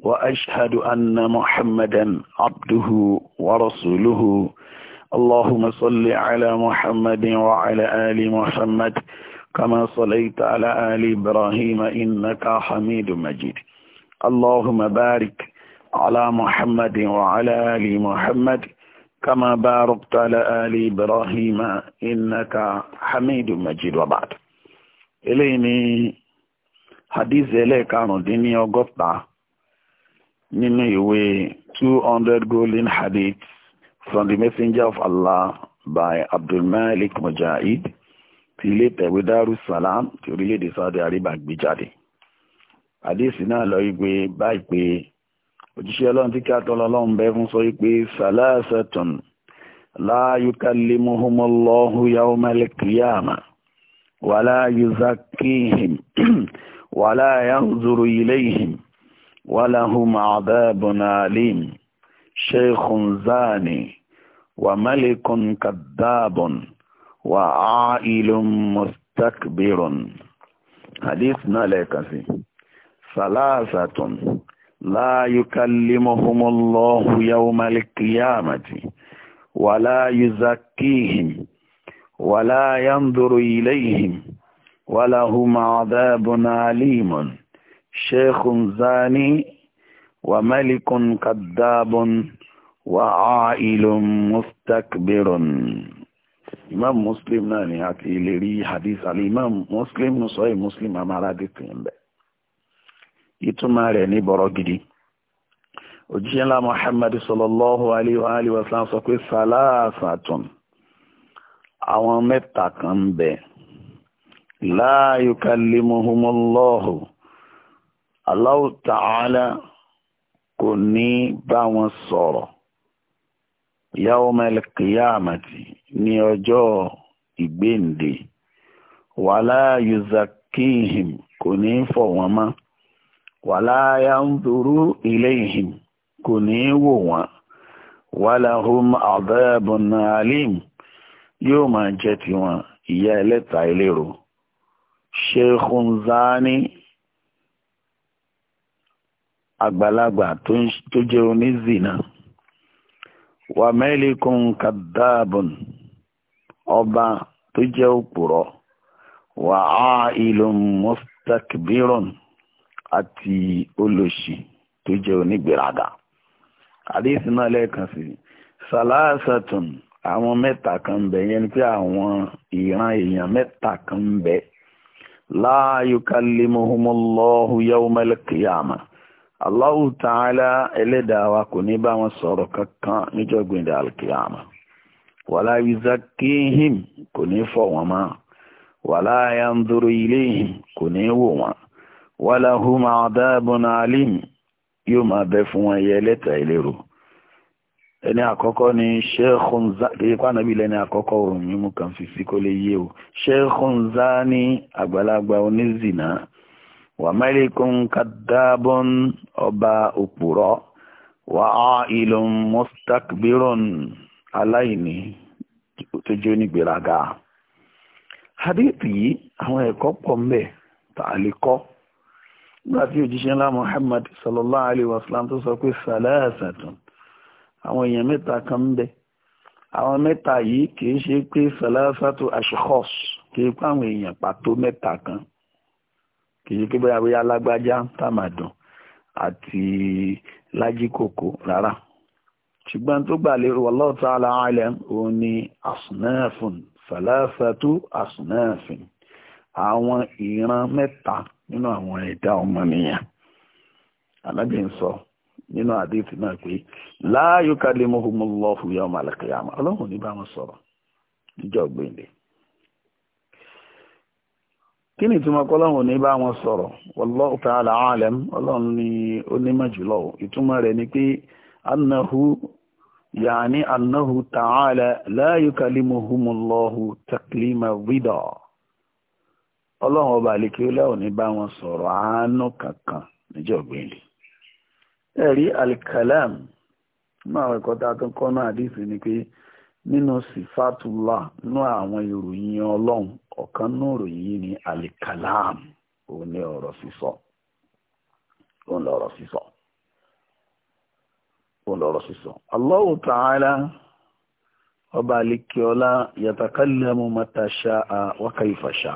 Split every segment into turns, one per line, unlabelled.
وأشهد أن محمدا عبده ورسوله اللهم صل على محمد وعلى آل محمد كما صليت على آل إبراهيم إنك حميد مجيد اللهم بارك على محمد وعلى آل محمد كما باركت على آل إبراهيم إنك حميد مجيد وبعد إليني حديث إليك عن الدنيا وقفتها nínú ìwé two hundred golden hadiths from the messenger of Allah by Abdulmalik Mujahid ti ilé Darussalam ti orílẹ̀-èdè Saudi Arabia gbé jáde àdéhìsí náà lọ wípé báyìí pé òjíṣẹ́ ọlọ́run tí kíá tọ́lọ́ ọlọ́run bẹ́ fún sọ wípé salasatun la yukallimuhumullahu yawmal qiyamah wala yuzakkihim wala yanzuru ilayhim. ولهم عذاب أليم شيخ زاني وملك كذاب وعائل مستكبر حديثنا لكسي ثلاثة لا يكلمهم الله يوم القيامة ولا يزكيهم ولا ينظر إليهم ولهم عذاب أليم sheikhun zani wa malikun kadabun wa ailun mustakbirun imam muslim náà ni a ti lè rí hadith ali imam muslim sọ yìí muslim amárádé tó ń bẹ ìtumọ̀ rẹ̀ ní bọ̀rọ̀ gidi òjíṣẹ́ ńlá muhammad sallallahu alayhi wa sallam sọ pé salasatun àwọn mẹ́ta kan ń bẹ la yukallimuhumullahu Allahu Ta'ala kò ní bá wọn sọ̀rọ̀ yawmal qiyamati ní ọjọ́ ìgbéǹde wala yuzakkihim kò ní fọ̀ wọ́n mọ́ wala yanzuru ilayhim kò ní wò wọ́n walahum adhabun alim yóò máa jẹ́ tiwọn ìyà ẹlẹ́ta ìlérò sheikhun zani àgbàlagbà tó jẹ́ onízìnà wà mẹ́lìkún ọba tó jẹ́ òpùrọ̀ wà á ìlùm mustakbiron àti olóṣì tó jẹ́ onígbèrágà àdéhùn náà lẹ́ẹ̀kan sí sàlásàtún àwọn mẹ́ta kan bẹ̀ yẹn ni pé àwọn ìran èèyàn mẹ́ta kan bẹ̀ la Allahu ta'ala ẹlẹ́dàá wa kò ní bá wọn sọ̀rọ̀ kankan níjọ́ gbìndà alkiyama wàlá yuzakihim kò ní fọ̀ wọ́n mọ́ wàlá yanzuru ilayhim kò ní wò wọ́n wàlá hum adabun alim yóò máa bẹ fún wọn ẹyẹ ẹlẹ́tà ìlérò ẹni àkọ́kọ́ ni sheikhun zani ipá nàbí lẹ́ni àkọ́kọ́ òun mímú kan fi sí lè yé o sheikhun zani àgbàlagbà onízìnà wà كذاب أبا ọba òpùrọ́ wà علينا تجوني mustakbirun aláìní tó jó ní gbéraga. hadith yìí àwọn ẹ̀kọ́ pọ̀ ń bẹ tá a lè kọ́ nígbà tí òjíṣẹ́ ńlá muhammad sallallahu alayhi wa sallam tó sọ pé sàlẹ́sàtún àwọn èèyàn mẹ́ta kan ń bẹ àwọn mẹ́ta yìí kì ṣe pé sàlẹ́sàtún ashkhos kì í àwọn èèyàn pàtó mẹ́ta kan kì í ṣe pé bóyá bóyá lágbájá tàmàdùn àti lájíkòkò rárá ṣùgbọ́n tó gbà lérò wallahu ta'ala alam òun ni asnafun falafatu asnafin àwọn ìran mẹ́ta nínú àwọn ẹ̀dá ọmọnìyàn alábì ń sọ nínú àdéhùn náà pé la yukallimuhumullahu yawmal qiyamah ọlọ́run ní bá wọn sọ̀rọ̀ níjọ́ gbèǹdé kí ni ìtumọ̀ kọ́lọ́hùn ní bá wọn sọ̀rọ̀ wallahu ta'ala alam ọlọ́run ní onímọ̀ jùlọ ìtumọ̀ rẹ̀ ni pé annahu yaani annahu ta'ala la yukallimuhumullahu taklima wida ọlọ́run ọba àlekí ó lẹ́wọ̀n ní bá wọn sọ̀rọ̀ àánú kankan níjọ́ gbẹ̀lẹ̀ ẹ̀rí alkalam máa ẹ̀kọ́ tá a àdìsí ni pé nínú sifatula nú àwọn ìròyìn ọlọ́run ọ̀kan nú ìròyìn ni alikalam òun ni ọ̀rọ̀ sísọ òun lọ̀rọ̀ sísọ òun lọ̀rọ̀ sísọ Allahu ta'ala ọba alikiola yatakallamu matasha'a wa kaifasha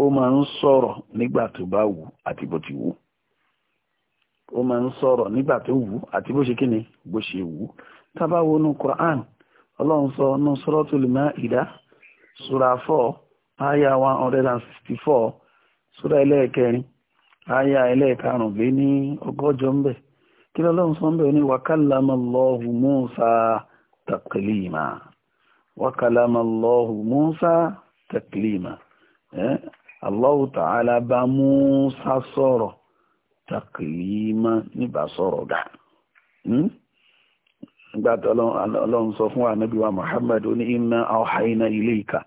ó máa ń sọ̀rọ̀ nígbà tó bá wù àti bó ti wù ó máa ń sọ̀rọ̀ nígbà tó wù àti bó ṣe kíni bó ṣe wù tá Qur'an ọlọ́run sọ ní suratul Maida sura four aya one hundred and sixty four sura ẹlẹ́ẹ̀kẹrin aya ẹlẹ́ẹ̀karùn-ún ní ọgọ́jọ ń bẹ̀ kí lọ́lọ́run sọ ń bẹ̀ ní wa kallama Allahu Musa taklima wa kallama Allahu ta'ala bá Musa sọ̀rọ̀ taklima níbà sọ̀rọ̀ nígbàtí ọlọ́run sọ fún ànábíwá Muhammad ó ní inna awhayna ilayka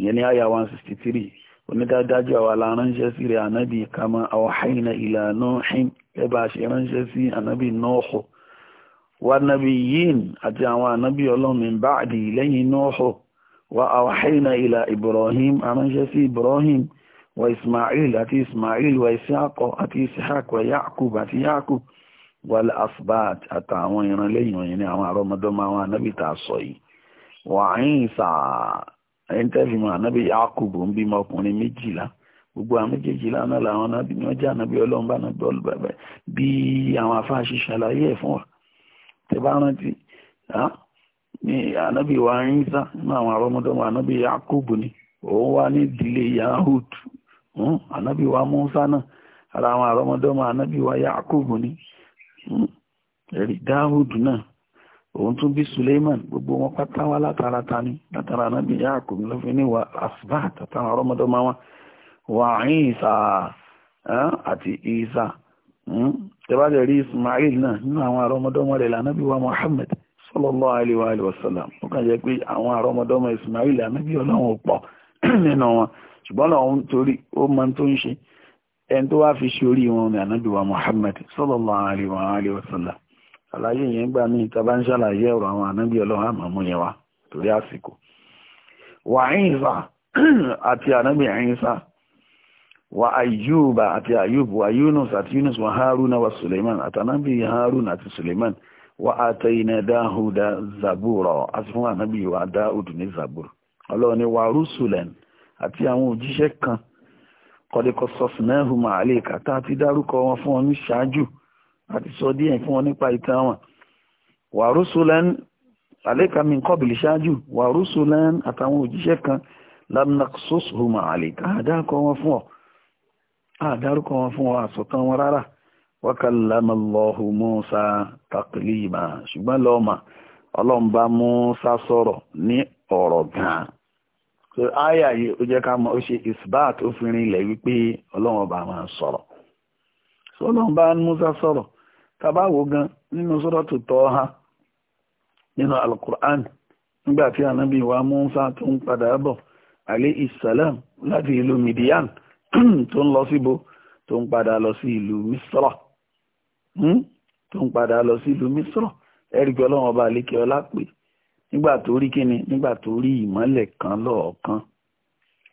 ìyẹn ní àyà 163 onídájájú àwa la ránṣẹ́ sí rẹ̀ ànábì kama awhayna ila Nuhin ẹbà ṣe ránṣẹ́ sí ànábì Nuhu wa nabiyyin àti àwọn ànábì ọlọ́run min ba'di lẹ́yìn Nuhu wa awhayna ila Ibrahim aránṣẹ́ sí Ibrahim wa Ismail àti Ismail wa Ishaq àti Ishaq wa àti Ya'qub wal asbat àtàwọn ìrànlẹ́yìn wọ̀nyí ni àwọn àrọ́mọdọ́mọ àwọn anábì tá a sọ yìí wà á yìn sà ẹni tẹ́fì mọ́ anábì Yakubu ń bímọ ọkùnrin méjìlá gbogbo àwọn méjèèjìlá náà làwọn anábì ni wọ́n jẹ́ anábì ọlọ́run bá náà bọ́ọ̀lù bàbá bí àwọn afáàṣì ṣàlàyé ẹ̀ fún wa tẹ́ bá rántí ní anábì wa yìn sà ní àwọn àrọ́mọdọ́mọ anábì Yakubu ni òun wá ní ìdílé Yahud anábì wa Musa náà ara àwọn àrọ́mọdọ́mọ anábì wa Yakubu ni ẹ̀rí dáhùdù náà òun tún bí suleiman gbogbo wọn pátá wá látara ta ni látara anábì yaakub lọ́fin ní wa asbá tàtàrà ọlọ́mọdọ́mọ wa wà ìsà àti ìsà tẹ́bàjẹ̀ rí ismail náà nínú àwọn àrọ́mọdọ́mọ rẹ̀ lànàbí wa muhammad sallallahu alaihi wa alihi wasallam ó kàn jẹ́ pé àwọn àrọ́mọdọ́mọ ismail ànábì ọlọ́run ò pọ̀ nínú wọn ṣùgbọ́n lọ́wọ́n torí ó máa tó ń ṣe ẹni tó wá fi ṣe orí wọn ní ànábìwá Muhammad sallallahu alaihi wa alihi wa sallam àlàyé yẹn gbà ní ìta bá ń ṣàlàyé ọ̀rọ̀ àwọn ànábì ọlọ́run àmàmú yẹn wá torí àsìkò wà Ìsá àti ànábì Ìsá wà Ayuba àti Ayub wà Yunus àti Yunus wà Haruna wà Suleiman àti ànábì Haruna àti Suleiman wà àtẹ̀yìn Dáhùdà Zabura àti fún ànábì wà Dáhùdù ní Zabura ọlọ́run ni wà Rusulen àti àwọn òjíṣẹ́ kan kọ́díkọ́ sọ́sìnáhù màálíkà tá a ti dárúkọ wọn fún wọn ní ṣáájú àti sọ díẹ̀ fún wọn nípa ìtàn wọn wàrúsùlẹ́n àlékà mi kọ́bìlì ṣáájú wàrúsùlẹ́n àtàwọn òjíṣẹ́ kan lamnaxosu màálíkà àdárúkọ wọn fún ọ àdárúkọ wọn fún ọ àsọtán wọn rárá wákàlámàlọ́hù Mùsá tàkìlìmà ṣùgbọ́n lọ́ọ̀mà ọlọ́mbà so aya yìí ó jẹ́ ká mọ̀ ó ṣe isbat ó fi rinlẹ̀ wípé ọlọ́run ọba máa ń sọ̀rọ̀ so ọlọ́run bá Musa sọ̀rọ̀ tabawo gan nínú suratu Taha nínú alukur'an nígbà tí anabi wa Musa tó ń padà bọ̀ alẹ́ isalam láti ìlú midian tó ń lọ síbo tó ń padà lọ sí ìlú misra hmm? tó ń padà lọ sí ìlú misra ẹ̀rí pé ọlọ́run ọba àlékè ọlá pé nígbà tó rí kíni nígbà tó rí ìmọ́lẹ̀ kan lọ́ọ̀kan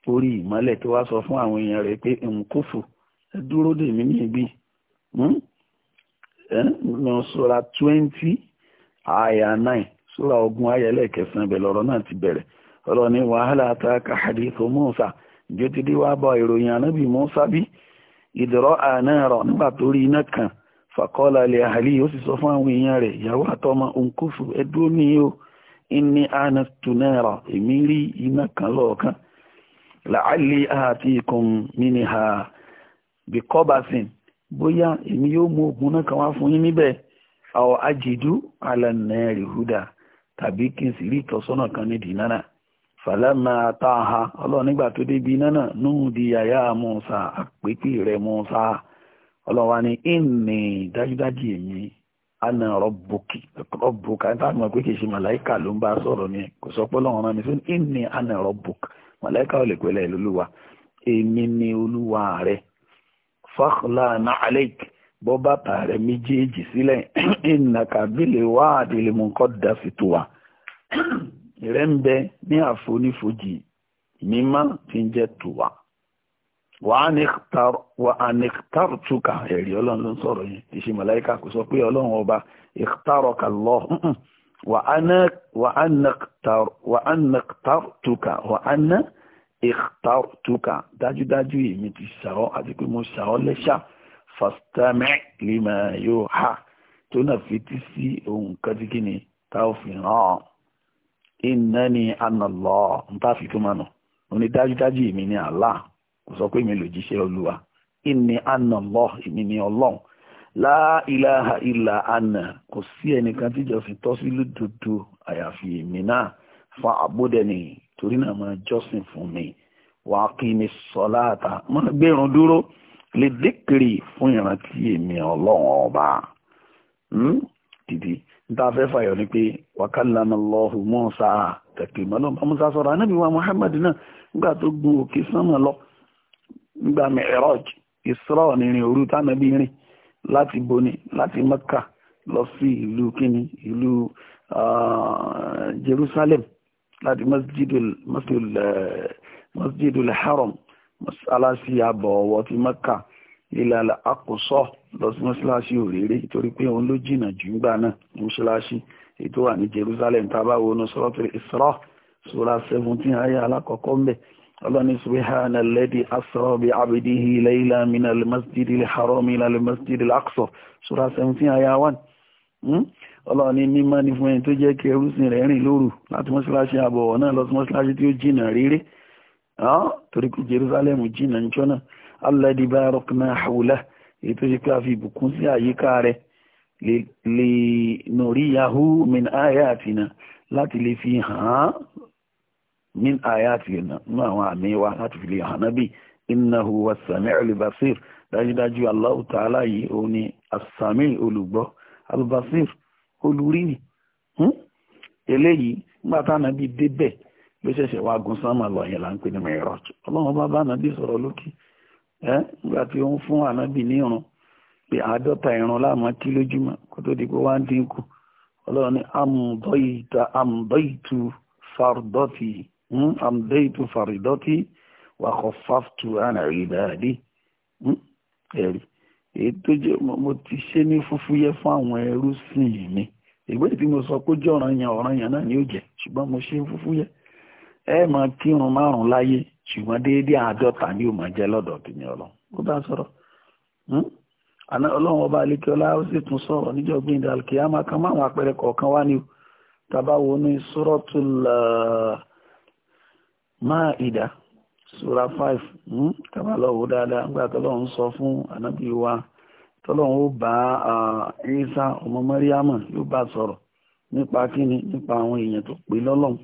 ó ìmọ́lẹ̀ tó wá sọ fún àwọn èèyàn rẹ̀ pé nkófò ẹ dúró dè mí hmm? twenty aya nine ogun aya ẹlẹ́ẹ̀kẹsàn-án náà ti bẹ̀rẹ̀ ni wàhálà ta ka hadithu Musa ìjọ ti dé wàá bọ ìròyìn anábì Musa bí ìdọ̀rọ̀ àná rọ̀ nígbà kan fàkọ́lá ilẹ̀ àhàlì sọ fún àwọn èèyàn rẹ̀ ìyàwó àtọmọ nkófò ẹ inni anastu nara èmi rí iná kan lọ́ọ̀kan làálì àti ikùn nínú ha bí kọ́bàsìn bóyá èmi yóò mú ògùn náà kan wá fún yín níbẹ̀ àwọn ajìdú alànàárì húdà tàbí kí n sì rí ìtọ́sọ́nà kan nídìí náà fàlámà táha ọlọ́run nígbà tó débi iná náà núhùn di mùsà àpépè mùsà ọlọ́run wa ìnì dájúdájú ana rọ́bùkì rọ́bùkì àti àwọn pé kìí màláìkà ló ń bá sọ̀rọ̀ ni kò sọ pé rán mi ìní ana rọ́bùkì màláìkà ò lè pẹ́lẹ́ èmi ni olúwa fàkùlà nàálẹ́k bọ́ bàtà méjèèjì sílẹ̀ àdìlẹ̀ mú kọ́ da sí tó wa ń bẹ ní àfonífojì mímá ti ń jẹ́ tó wà á ní tàrùtùkà ẹ̀rí ọlọ́run ló ń sọ̀rọ̀ yẹn kì í ṣe màláíkà kò sọ pé ọlọ́run ọba ìtàrọ̀kà lọ wà á ní tàrùtùkà wà á ní ìtàrùtùkà dájúdájú èmi ti ṣàọ́ àti pé mo ṣàọ́ lẹ́ṣà fàstàmẹ́ lima yóò ha tó náà fi sí ohun kan ni táwọn fi hàn án ìnáni ànàlọ́ ń kò sọ pé mi lòjíṣẹ́ olúwa inni anna Allah èmi ọlọ́run la ilaha illa anna kò sí ẹnìkan tíjọsìn tọ́ sí lódodo àyàfi èmi náà fa àbúdẹni torí náà máa jọ́sìn fún mi wà á kí ni sọláàtà máa gbẹ̀rún dúró lè dékèrè fún ìrántí èmi ọlọ́run ọba hmm? dìde níta fẹ́ fàyọ̀ ni pé wàkàlánàlọ́hù Mùsá tẹ̀kìmọ́lọ́ Mùsá sọ̀rọ̀ anábìwá Muhammad náà nígbà tó gun òkè sánmà lọ nígbà mi'raj isra nìrìn òru tánàbí rìn láti boni láti mẹ́kà lọ sí ìlú ilu ìlú jerusalem láti masjidul haram masalasi àbọ̀wọ̀ ti mẹ́kà ilẹ̀ àkùsọ̀ lọ sí mọ́ṣáláṣí òrèrè torí pé òun ló jìnnà jù ń gbà náà mọ́ṣáláṣí ètò wà ní jerusalem tábàwọn onú suratul isra sura seventeen ayé alákọ̀ọ́kọ́ mbẹ́ ọlọ́ni subhana alladhi asra bi abidihi layla min al-masjid al-haram ila al-masjid al-aqsa sura seventeen aya one hmm? ọlọ́ni mímọ́ ni fún ẹni tó jẹ́ kí ẹrúsìn rẹ̀ rìn lóru láti mọ́ṣáláṣí àbọ̀wọ̀ náà lọ sí mọ́ṣáláṣí tí ó jìnnà réré torí pé Jerusalem jìnnà ń jọ́nà alladhi barakna hawlahu èyí tó ṣe pé a fi ìbùkún sí àyíká rẹ̀ lè nùrí yahoo min ayatina láti lè fi hàn án min ayati nínú àwọn àmì wa láti hanabi lè hànábì innahu was daji basir dájúdájú Allahu ta'ala yi òun ni asami olugbo olùgbọ́ al-basir olùrírì hm? gbata nígbà táwọn àbí débẹ̀ ló ṣẹ̀ṣẹ̀ wá gun sánmà lọ yẹn là ń pè ní mẹ́rọ̀jù ọlọ́run bá bá ànábì sọ̀rọ̀ lókè ẹ́ nígbà Hmm? amdeitu faridọ́tì wàkọ̀ fáftù ànàrídàdì hmm? ẹ̀rí èyí tó jẹ́ mo ti ṣe ní fúfúyẹ́ fún àwọn ẹrú sìn mi ìgbé tí mo sọ pé jẹ́ ọ̀ràn yẹn ọ̀ràn yẹn náà ni ó jẹ́ ṣùgbọ́n mo ṣe fúfúyẹ́ ẹ máa kírun márùn-ún láyé ṣùgbọ́n déédéé àádọ́ta ni ó máa jẹ́ lọ́dọ̀ tèmi ọlọ́run ó bá sọ̀rọ̀ hmm? àná ọlọ́run ọba alekeola ó sì tún sọ̀rọ̀ níjọ́ gbẹ̀ndẹ̀ alkiyama kan máwọn àpẹẹrẹ kọ̀ọ̀kan wá ní tabawo ní suratul Máídà sura five hmm? kàmá lọ́wọ́ dáadáa nígbà tọ́lọ́run sọ fún ànábì wa tọ́lọ́run ó bá Ìsá ọmọ Màríámà yóò bá sọ̀rọ̀ nípa kíni nípa àwọn èèyàn tó pè lọ́lọ́run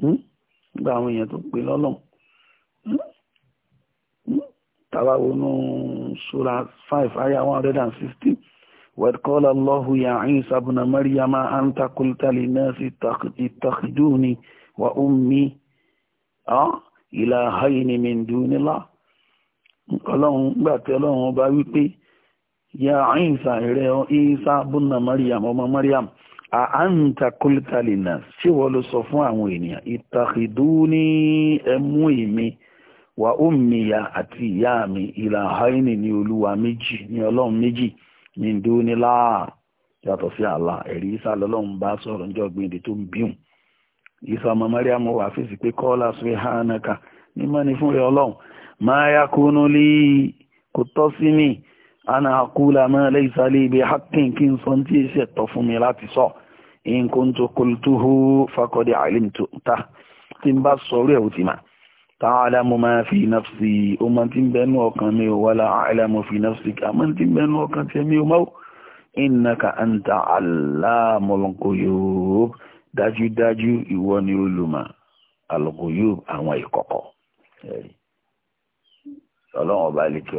hmm? nípa àwọn èèyàn tó pè lọ́lọ́run hmm? tàbáwo nù sura five aya one hundred and sixty wẹ́d kọ́lá lọ́hu ya Ìsá ibùnà Màríámà anta qulta linnasi ittakhiduni ìlà hainimindu nílá ọlọ́run gbàtí ọlọ́run bá wípé ya Ìsá rẹ̀ Ìsá búnna Maryam ọmọ Maryam a anta qulta linnas sí wọ́n ló sọ fún àwọn ènìyàn ittakhiduni ẹmú èmi wa ummiya àti ìyá mi ìlà haini olúwa méjì ní ọlọ́run méjì mindu nílá yàtọ̀ sí Allah ẹ̀rí Ìsá lọ́lọ́run bá sọ̀rọ̀ níjọ́ gbìndín tó ń bíhùn Isa ọmọ Mariam wà fèsì pé kọ́lá sọ ha anaka mímọ́ ni fún rẹ ọlọ́run máa yá kúnú lé kò tọ́ sí mi ana akúlà máa lẹ́yìn sálé ibi hakin kí n sọ tí èsì ẹ̀tọ́ fún mi láti sọ nǹkan tó kọlùtù hó fakọ́dé àìlèm tó ta tí n bá sọrú ẹ̀ ò ti mà tààlà mo máa fi nafsi o máa ti bẹnu ọkàn mi ò wálá àìlà fi nafsi kà máa ti bẹnu ọkàn tẹ̀ mi ò máa innaka anta allamul ghuyub dájúdájú ìwọ ni olùmọ̀ al yóò àwọn ìkọ̀kọ̀ ọlọ́run ọba àlekè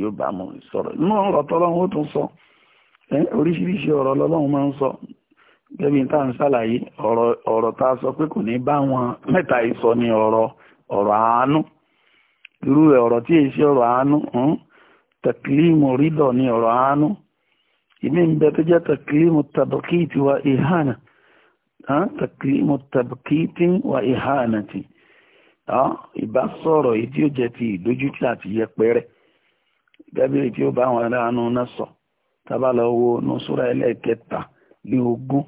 yóò bá sọrọ sọ̀rọ̀ inú ọ̀rọ̀ tọ́lọ́run ó tún sọ oríṣiríṣi ọrọ lọ́lọ́run máa ń sọ gẹ́bí tá à ń ṣàlàyé tá a sọ pé kò ní bá wọn mẹ́ta ìsọ ni àánú irú tí èyí ṣe àánú ni àánú ìmí ń bẹ tó tàkìlímù tàbíkìtì wà ìhánàtì ìbá sọ̀rọ̀ èyí tí ó jẹ́ ti ìdójútì àti yẹpẹrẹ gẹ́gẹ́ tí ó bá àwọn aráàánú náà sọ tábà lọ wo nu súra ẹlẹ́ẹ̀kẹta lé ogún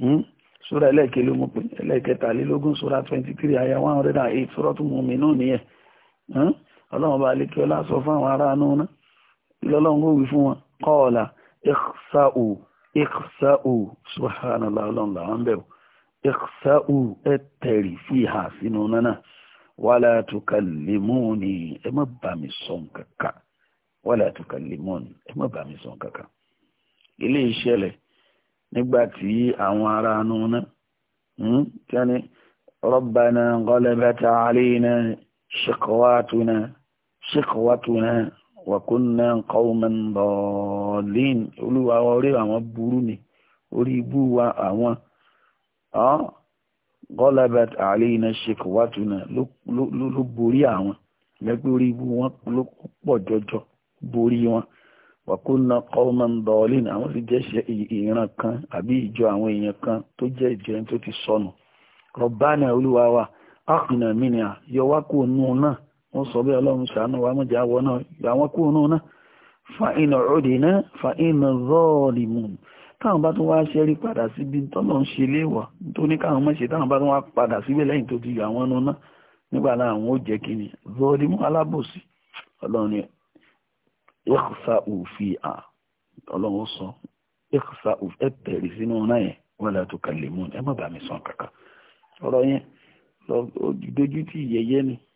hmm, súra ẹlẹ́ẹ̀kẹlógún pé ẹlẹ́ẹ̀kẹta lélógún súra twenty three aya one hundred and eight Suratul Mu'minun nìyẹn hmm, ọlọ́run bá lè kí ọlá sọ fún àwọn aráàánú náà lọ́lọ́run ó wí fún wọn qala ikhsa'u iqsa'u subhanallah ọlọ́run làwọn bẹ̀rù iqsa'u ẹ tẹ̀rì fi hà sínú nánà wala tukallimuni ẹ má bà mí sọ nǹkankan wala tukallimuni ẹ má bà mí sọ nǹkankan. ilé ìṣẹ̀lẹ̀ nígbà tí àwọn ará anú náà hmm, kí wọ́n ní rabbana ghalabat alayna shiqwatuna shiqwatuna wàkúnná qauman dallin olúwa orí àwọn burú ni orí ibú wa àwọn gọ́lábàt àlẹ́yìn ṣèkọ̀wátúnà ló borí àwọn lẹ́gbẹ́ orí ibú wọn ló pọ̀ jọjọ borí wọn wàkúnná qauman dallin àwọn sì jẹ́ ìran kan àbí ìjọ àwọn èèyàn kan tó jẹ́ ìjọ tó ti sọnù rọ̀bánà olúwa wa ákùnà mìíràn yọ wá nù náà wọ́n sọ bí ọlọ́run ṣàánú wa mọ̀jà àwọ̀ náà ìgbà wọn kúrò náà fa iná òde náà fa iná rọ́ọ̀lì mù táwọn bá tún wá ṣe rí padà síbi tọ́lọ̀ ń ṣe léwà tó ní káwọn mọ̀ ṣe táwọn bá tún wá padà síbẹ̀ lẹ́yìn tó ti yọ àwọn náà nígbà náà àwọn ó jẹ́ kínní rọ́ọ̀lì mù alábòsí ọlọ́run ìkùsà òfin à ọlọ́run sọ ìkùsà òfin ẹ̀ sínú náà yẹn wọ́n lè dojú tí ìyẹyẹ ni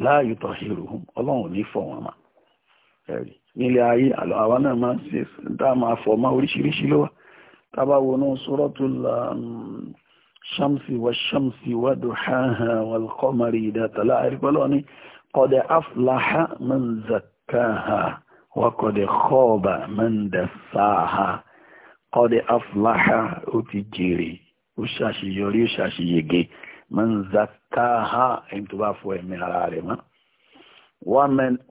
láàyò tó ṣèrò ọlọ́run ò ní fọ̀ wọ́n mà ẹ̀rí nílé ayé àlọ́ àwa náà máa ń ṣe dá máa fọ̀ mọ́ oríṣiríṣi ló wà tábà wọnú suratul um, shamsi wa shamsi wa duhaha wal qamari idha tala àríkọ́lọ́ ni qad aflaha man zakkaha wa qad khaba man dassaha qad aflaha ó ti jèrè ó ṣàṣeyọrí ó ṣàṣeyege man zakaha ẹni tó bá fọ ẹ̀mí ara rẹ̀ mọ́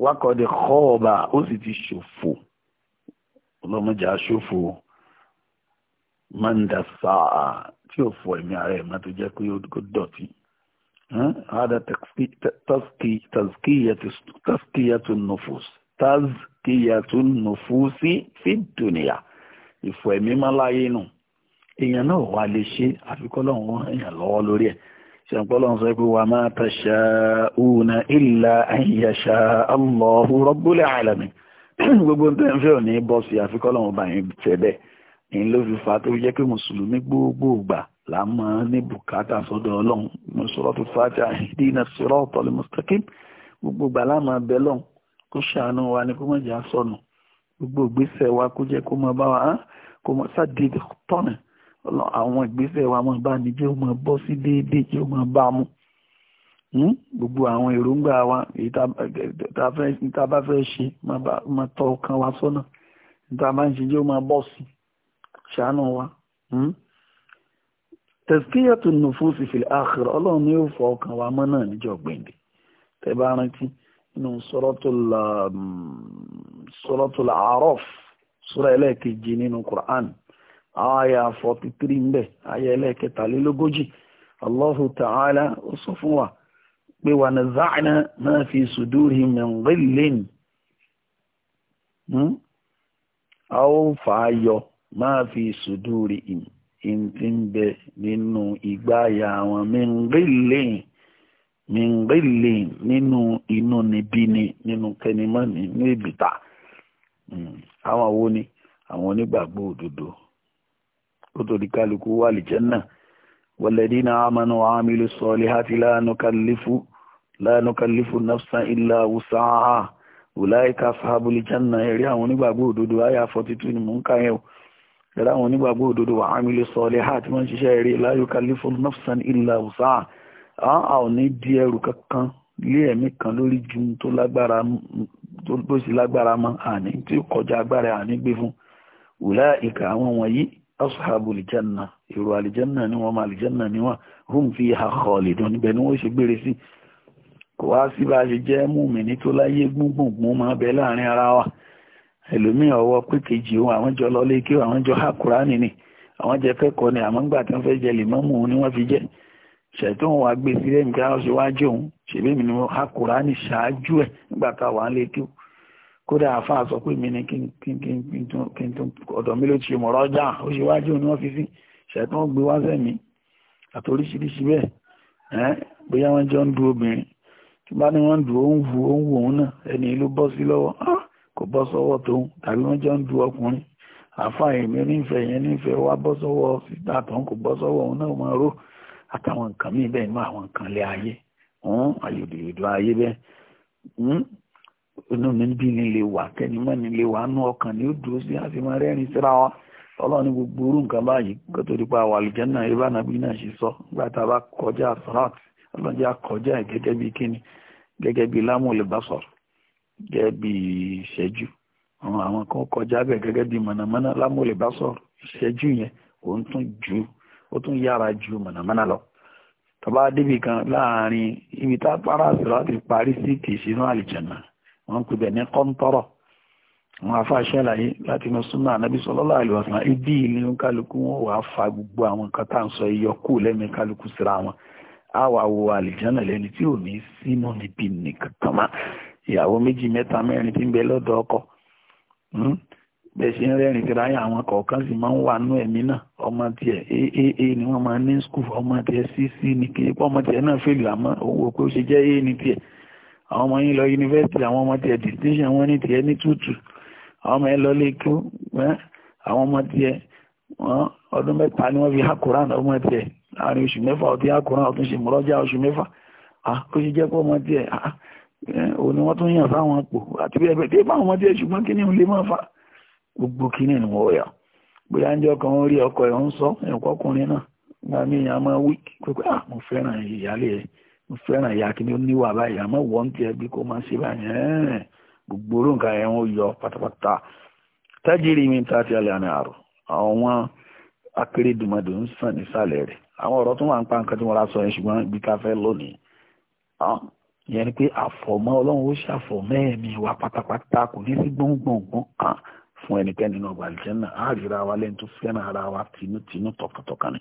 wákọ̀dé kọ́ọ̀bà ó sì ti ṣòfò ọlọ́mọjà ṣòfò man dasaa tí ó fọ ẹ̀mí ara rẹ̀ mọ́ tó jẹ́ pé ó dọ̀tí hada tazkiyatu nufus tazkiyatu nufusi fi dunia ṣàpọ̀lọ̀ sọ pé wà máa tasha'una illa an yasha Allahu rabbul alamin gbogbo ń tẹ́ ń fẹ́ òní bọ́ọ̀sì àfikọ́lọ̀ ọba yẹn tẹ̀ bẹ́ẹ̀ èyí ló fi fa tó jẹ́ pé mùsùlùmí gbogbogbà là á mọ ní bùkátà sọ́dọ̀ ọlọ́run Suratul Fatiha ihdina siratal mustaqim gbogbogbà là á mọ abẹ́ lọ́run kó àwọn ìgbésẹ̀ wa máa bá ní jẹ́ ó máa bọ́ sí déédéé jẹ́ ó máa bá mu hmm? gbogbo àwọn èròǹgbà wa èyí tá a bá fẹ́ ṣe máa tọ́ ọkàn wa sọ́nà tá a bá ń ṣe jẹ́ ó máa bọ́ sí ṣàánú wa. Hmm? tẹ̀síkíyàtò nùfúsì fil akhira ọlọ́run ni ó fọ ọkàn wa mọ́ náà níjọ́ gbẹ̀ǹdẹ̀ tẹ́ bá rántí nínú um, suratul A'raf sura ẹlẹ́ẹ̀kejì nínú Qur'an aya forty three ń bẹ̀ aya ẹlẹ́kẹtàlélógójì allahu ta'ala ó sọ fún wa pé wà ní záàna fi sùdúrì mẹ́ngìlín hmm? a ó fà á yọ máa fi sùdúrì ìntì ń bẹ nínú ìgbáyà àwọn mẹ́ngìlín mẹ́ngìlín nínú inú níbí ni nínú ni ní ìbìtà hmm. àwọn wo ni ó torí kálukú wà lìjẹ́nà walladina amanu wa amilu solihati la nukallifu la nukallifu nafsan illa wusaha ulaika ashabul janna ẹ̀rí àwọn onígbàgbọ́ òdodo àyà 42 ni mò ń kà yẹn o ẹ̀rí àwọn onígbàgbọ́ òdodo wa amilu solihati wọ́n ṣiṣẹ́ ẹ̀rí la yukallifu nafsan illa wusaha a ò ní di ẹrù kankan lé ẹ̀mí kan lórí ju tó lágbára tó sì àwọn wọ̀nyí asahabu aljanna èrò aljanna ni wọ́n ma aljanna ni wọ́n hum fiha khalidun níbẹ̀ ni wọ́n ṣe gbére sí kò wá sí bá a ṣe jẹ́ mùmíní tó láyé gbùngbùngbùn máa bẹ láàrin ara wa ẹlòmíì ọwọ́ pé kejì òun àwọn jọ lọ lékè àwọn jọ há kúránì ni àwọn jẹ kẹ́kọ̀ọ́ ni àmọ́ ńgbà tí wọ́n fẹ́ jẹ lèmọ́mù ni wọ́n fi jẹ́ ṣètò òun wá gbé sílẹ̀ nǹkan ọ̀ṣẹ́wájú òun ṣèbí mi ni wọ́n há kúránì ṣáájú ẹ̀ nígbà táwa ń lékè kódà àfáà sọ pé mi ni kí n tún ọ̀dọ̀ mi ló ti mọ̀rọ̀ já ó ṣe wájú ní ọ́fíìsì ṣẹ̀tàn gbé wá sẹ́mi àti oríṣiríṣi bẹ́ẹ̀ ẹ́ bóyá wọ́n jọ ń du obìnrin tí bá ní wọ́n ń du ó ń wu ó ń wù òun náà ẹni ló bọ́ sí lọ́wọ́ kò bọ́ sọ́wọ́ tóun tàbí wọ́n jọ ń du ọkùnrin àfáà èmi nífẹ̀ẹ́ yẹn nífẹ̀ẹ́ wá bọ́ sọ́wọ́ síta tóun kò bọ́ sọ́wọ́ òun náà máa ró àtàwọn nǹkan míì bẹ́ẹ̀ nínú àwọn nǹkan lé ayé òun àyòdòyòdò ayé bẹ́ẹ̀ inú mi bí nílé wà kẹ́nìmọ́ nílé wà nú ọkàn ní ó dúró sí àfi máa rẹ́rìn síra wa ọlọ́run ní gbogbo orú nǹkan báyìí kó tó dípa àwọn àlùjànnà ibà nàbí náà ṣe sọ nígbà tá a bá kọjá sọ́rat ọlọ́jà kọjá gẹ́gẹ́ bí kíni gẹ́gẹ́ bí lámùlẹ̀ bá bí ìṣẹ́jú àwọn kan kọjá bẹ̀ gẹ́gẹ́ bí mọ̀nàmọ́ná lámùlẹ̀ bá yẹn òun tún ju ó tún yára ju mọ̀nàmọ́ná lọ tọ́ba débi kan láàrin ibi tá a para sọ́rat parí sí kìí ṣe inú wọ́n ń pè bẹ̀ ní kọ́ńtọ́rọ̀ àwọn afáṣẹ́ àlàyé láti inú súnmọ́ ànábì sallallahu alaihi wasallam ìdí ilé kálukú wọn wàá fa gbogbo àwọn nǹkan tá à ń sọ iyọ kú lẹ́mìí kálukú síra wọn á wàá àlìjánà lẹ́ni tí ò ní sínú níbi nìkan tán má ìyàwó méjì mẹ́ta mẹ́rin tí ń bẹ lọ́dọ̀ ọkọ hmm? bẹ́ẹ̀ ṣe ń rẹ́rìn tí ráyà àwọn kọ̀ọ̀kan sì máa ń wà nú ẹ̀mí náà ọmọ tiẹ̀ aa ni wọ́n máa ní skul ọmọ tiẹ̀ cc ni kí ọmọ tiẹ̀ náà fèlè àmọ́ òun wò pé ó ṣe jẹ́ aa ni tiẹ̀ àwọn ọmọ yín lọ yunifásitì àwọn ọmọ tiẹ̀ distinction wọ́n ní tiẹ̀ ní tútù àwọn ọmọ yẹn lọ lẹ́kọ́ àwọn ọmọ tiẹ̀ ọdún mẹ́ta ni wọ́n fi há koran ọmọ tiẹ̀ láàrin oṣù mẹ́fà ọtí há koran ọtún ṣe mọ́rọ́jà oṣù mẹ́fà ó ṣe jẹ́ pé ọmọ tiẹ̀ òun ni wọ́n tún yàn fáwọn àpò àti bí ẹgbẹ́ tí báwọn ọmọ tiẹ̀ ṣùgbọ́n kí ni òun lè máa fa gbogbo kíní ni wọ́n yà bóyá ń jọ kan rí ọkọ ẹ̀ ń sọ ẹ̀kọ́kùnrin náà gbàmí ìyàn máa ah mo fẹ́ràn mo fẹ́ràn ìyá kí ni ó níwà báyìí àmọ́ wọ́n ti ẹbí kó máa ṣe báyìí gbogbo oró nǹkan ẹ̀ ń yọ pátápátá tájìrì mi ta ti alẹ́ àná àrò àwọn akérèdùmọ̀dù ń sàn nísàlẹ̀ rẹ̀ àwọn ọ̀rọ̀ tó wà ń pa nǹkan tí wọ́n ra sọ yẹn ṣùgbọ́n ibi ká fẹ́ lónìí ìyẹn ni pé àfọ̀mọ́ ọlọ́run ó ṣàfọ̀mọ́ ẹ̀mí wa pátápátá kò ní sí gbóngbóngbóng kan fún ẹnikẹ́ni náà gbàlùjẹ́ náà á ríra wa lẹ́ni tó fẹ́ràn ara wa tinútinú tọkàntọkàn ni.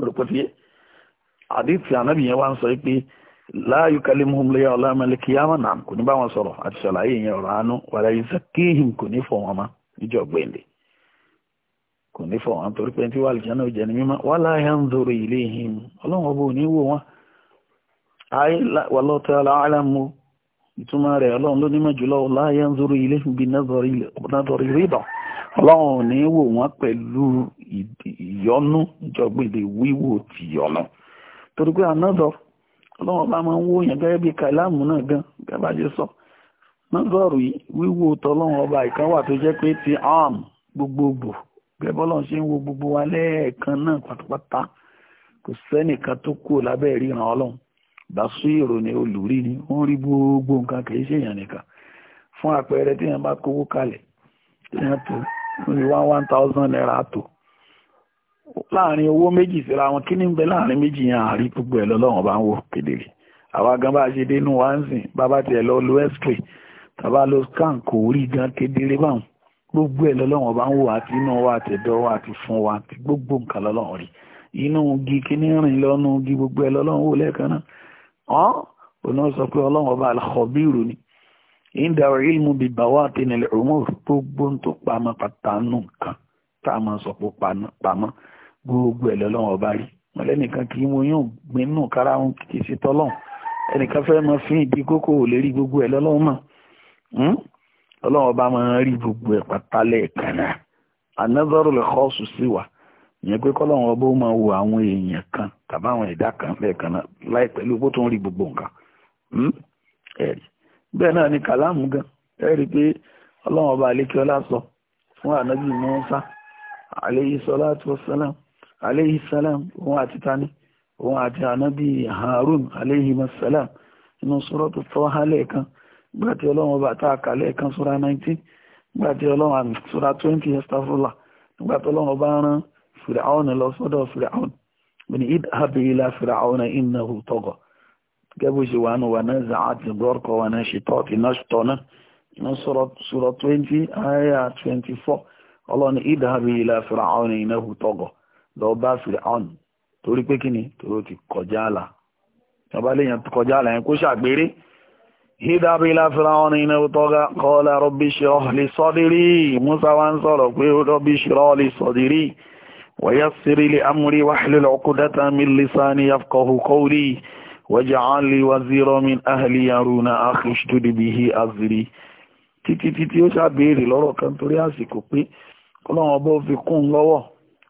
olùpẹ̀fẹ́ àdìtì ànábì yẹn wá ń sọ pé láàyò kálí mú lẹ́yà ọlámẹ́lẹ́ kíyámà náà kò ní bá wọn sọ̀rọ̀ àti ṣàlàyé yẹn ọ̀rọ̀ àánú wàlá yìí kéhìn kò ní fọ̀ wọn níjọ́ gbẹ̀ǹdẹ̀ kò ní fọ̀ wọn torí pé náà jẹ́ ní mímọ́ ń zòrò ilé ní wò wọn. ayé torí pé ànádọ́ ọlọ́wọ́n bá máa ń wó yẹn gẹ́gẹ́ bí kàlámù náà gan gẹ́gẹ́ bá ṣe sọ nọ́dọ̀rù wíwò tọ́lọ́wọ́n ọba ìkan wà tó jẹ́ pé ti arm gbogbogbò gẹ́gẹ́ bọ́lọ́ ṣe ń wo gbogbo wa lẹ́ẹ̀kan náà pátápátá kò sẹ́nìkan tó kú lábẹ́ ìríran ọlọ́run bàṣírò ni olùrí ni ó ń rí gbogbo nǹkan kì í ṣèyàn nìkan fún àpẹẹrẹ tí èèyàn bá kówó kalẹ̀ èèyàn tó ní one one thousand naira tó láàrin owó méjì síra wọn kí ní ń bẹ láàrin méjì yẹn àárí gbogbo ẹ̀ lọ́lọ́run bá ń wò kedere àwa gan bá ṣe dénú wá ń sìn bàbá tiẹ̀ lọ lo x-ray tàbá lo scan kò rí gan kedere báwọn gbogbo ẹ̀ lọ́lọ́run bá ń wò àti inú wa àtẹ̀dọ́ wa àti fún wa àti gbogbo nǹkan lọ́lọ́run rí inú igi kíní rìn lọ́nu igi gbogbo ẹ̀ lọ́lọ́run wò lẹ́ẹ̀kan náà ọ́n òun sọ pé ọlọ́run ọba al-khabiru ni inda ilmu bi bawatin al-umur gbogbo tó pamọ́ pátánù kan tá a máa sọ gbogbo ẹ̀ lọ́lọ́wọ́ bá rí mọ̀lẹ́nìkan kì í mú yún gbinú kára ń kì í ṣe tọ́lọ́hún ẹnìkan fẹ́ mọ fín ìdí kókó ò lè rí gbogbo ẹ̀ lọ́lọ́hún mọ̀ hmm? ọlọ́wọ́ bá máa rí gbogbo ẹ̀ pátá lẹ́ẹ̀kan náà lè kọ́ sùn sí wa ìyẹn pé kọ́lọ́wọ́ bó máa wo àwọn èèyàn kan tàbí àwọn ẹ̀dá kan lẹ́ẹ̀kan náà láì pẹ̀lú bó tó ń rí gbogbo nǹkan hmm? ẹ̀rí bẹ́ẹ̀ náà ni kàlámù gan ẹ̀rí pé ọlọ́wọ́ bá alékíọ́lá sọ fún ànábì Mùsá alayhi salatu wassalam عليه السلام وعد تاني وعد نبي هارون عليه السلام إنه سورة الطه عليك بعد يلوم وبعتاك عليك سورة 19 بعد يلوم عن سورة 20 استغفر الله بعد يلوم وبعنا فرعون لو صدى فرعون من إذهب إلى فرعون إنه طغى قبل جوانه ونزع جبرك ونشطات نشطنا سورة سورة 20 آية 24 الله إذهب إلى فرعون إنه طغى lọ bá firaun torí pé kíni torí ó ti kọjá àlà tọba léèyàn kọjá àlà yẹn kó ṣàgbére hídàbí ilá firaun iná tọ́gá kọ́lá rọ́bí ṣọ́ lè sọ́dírí musa wa ń sọ̀rọ̀ pé rọ́bí ṣọ́ lè sọ́dírí ويسر لي أمري واحلل عقدة من لساني يفقه قولي واجعل لي وزيرا من أهلي يرون أخي اشدد به أزري títí títí ó ṣàbẹ̀rẹ̀ lọ́rọ̀ kan torí àsìkò pé ọlọ́run ọba ó fi kún lọ́wọ́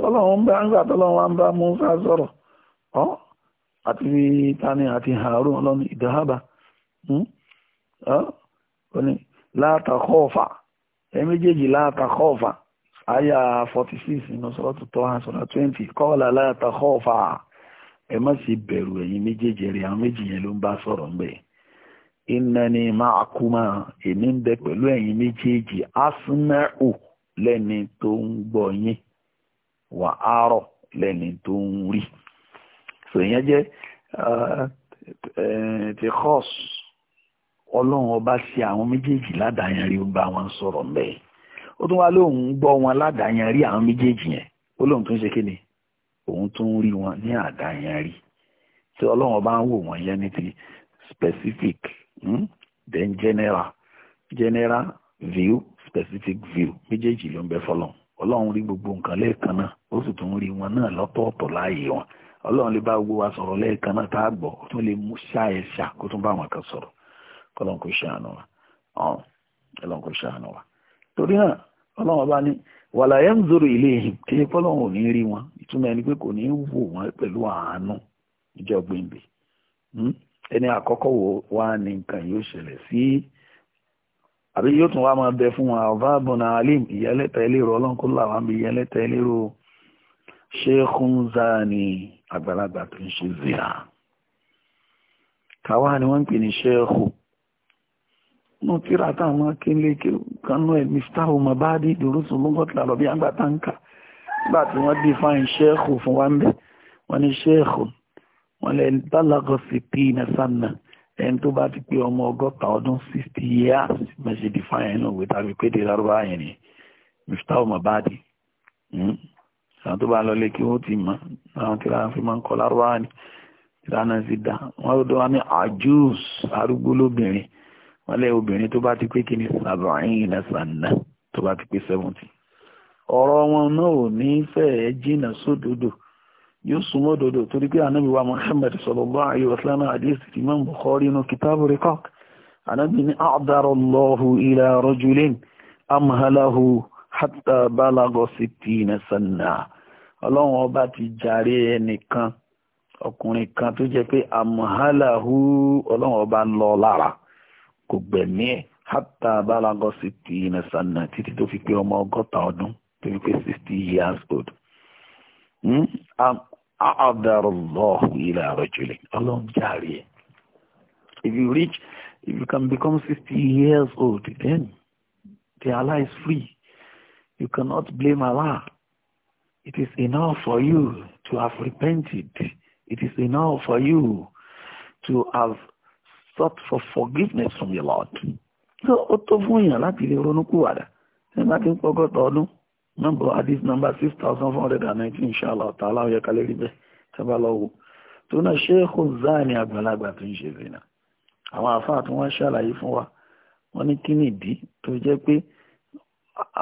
sọlọ́run ń bá ń gbà tọ́lọ́run wa ń bá sọ̀rọ̀ ọ́ àti tani àti ìdáhàbà hm, ọ́ látàkọ́ọ̀fà ẹ méjèèjì látàkọ́ọ̀fà àyà tó tọ́ 20 kọ́ọ̀lá látàkọ́ọ̀fà ẹ má sì bẹ̀rù ẹ̀yin méjèèjì rẹ̀ àwọn méjì yẹn ló ń bá sọ̀rọ̀ ń bẹ̀ èmi ń bẹ pẹ̀lú wà àárọ̀ lẹ́ni tó ń rí so ìyẹn jẹ́ ti khos ọlọ́run ọba ṣe àwọn méjèèjì ládàáyanrí ó bá wọn sọ̀rọ̀ mẹ́ẹ̀ ó tún wá lóun gbọ́ wọn ládàáyanrí àwọn méjèèjì yẹn ó lóun tún ṣe kí ni òun tún ń rí wọn ní àdáyanrí tí ọlọ́run ọba ń wò wọ́n yẹn ní ti specific hmm? then general general view specific view méjèèjì ló ń bẹ fọlọ́n ọlọ́run rí gbogbo nǹkan lẹ́ẹ̀kan náà ó sì tún rí wọn náà lọ́tọ̀ọ̀tọ̀ láàyè wọn ọlọ́run lè bá gbogbo wa sọ̀rọ̀ lẹ́ẹ̀kan náà tá a gbọ́ ó tún lè mú ṣá ẹ ṣá kó tún bá wọn kan sọ̀rọ̀ kọ́lọ́n kò ṣàánú wa ọlọ́run kò ṣàánú wa torí náà ọlọ́run bá ní wàlà ẹ̀ ń ilé yìí kí kọ́lọ́run ò ní rí wọn ìtumọ̀ ẹni pé kò ní wò pẹ̀lú àánú ìjọ àbí yóò tún wá máa bẹ fún wọn ọba àbọ̀nà alim ìyálẹ́ta ẹlẹ́rọ ọlọ́nkó làwọn àmì ìyálẹ́ta ẹlẹ́rọ ṣéèkún zani àgbàlagbà tó ń ṣe zina káwá ni wọ́n ń pè ní ṣéèkù nù tíra táwọn akínlé kanú ẹ̀ mr omabadi dòrósùn lọ́gọ́tìlá lọ́bí àgbàtàǹkà nígbà tí wọ́n dé fáìn ṣéèkù fún wa ń bẹ̀ wọ́n ní ṣéèkù wọ́n lẹ́ bálagọ́ sí pín náà sánà ẹni tó bá ti pé ọmọ ọgọ́ta ọdún sixty years méjì define ẹnu òwe tàbí péde lárúbá yẹn ni mr omobadi hmm? àwọn tó bá lọ lé kí wọ́n ti mọ̀ àwọn tí wọ́n fi máa ń kọ́ lárúbá ni tí wọ́n náà sì dá wọ́n tó wá ní ajus arúgbó lóbìnrin wọ́n lé obìnrin tó bá ti pé kí ni sabarin nasana tó bá ti pé seventy ọ̀rọ̀ wọn náà ò ní fẹ́ẹ̀ jìnnà sódòdò. So yóò súnmọ́ dòdò torí pé anábì wa muhammad sallallahu alayhi wa sallam hadith ti imam bukhari inú kitabu rikok anábì ní a'darallahu ila rajulin amhalahu hatta balago sittina sanna ọlọ́run ọba ti jàre ẹnìkan ọkùnrin kan tó jẹ́ pé amhalahu ọlọ́run ọba lọ lára kò gbẹ̀mí ẹ̀ hatta balago sittina sanna títí tó fi pé ọmọ ọgọ́ta ọdún tó fi pé sixty years old. Hmm? a'adharallahu ila if you reach if you can become sixty years old then the Allah is free you cannot blame Allah it is enough for you to have repented it is enough for you to have sought for forgiveness from your Lord so ó láti lè ronú kúwàdà ẹ bá ń ọdún number hadith number six thousand four hundred and nineteen inshallah ta'ala ọ̀yẹ́ kalẹ́ rí bẹ́ẹ̀ tẹ́bá lọ́wọ́ tó náà ṣéèkù záàni àgbàlagbà tó ń ṣe zina àwọn àfáà tí wọ́n ṣàlàyé fún wa wọ́n ní kí nìdí tó jẹ́ pé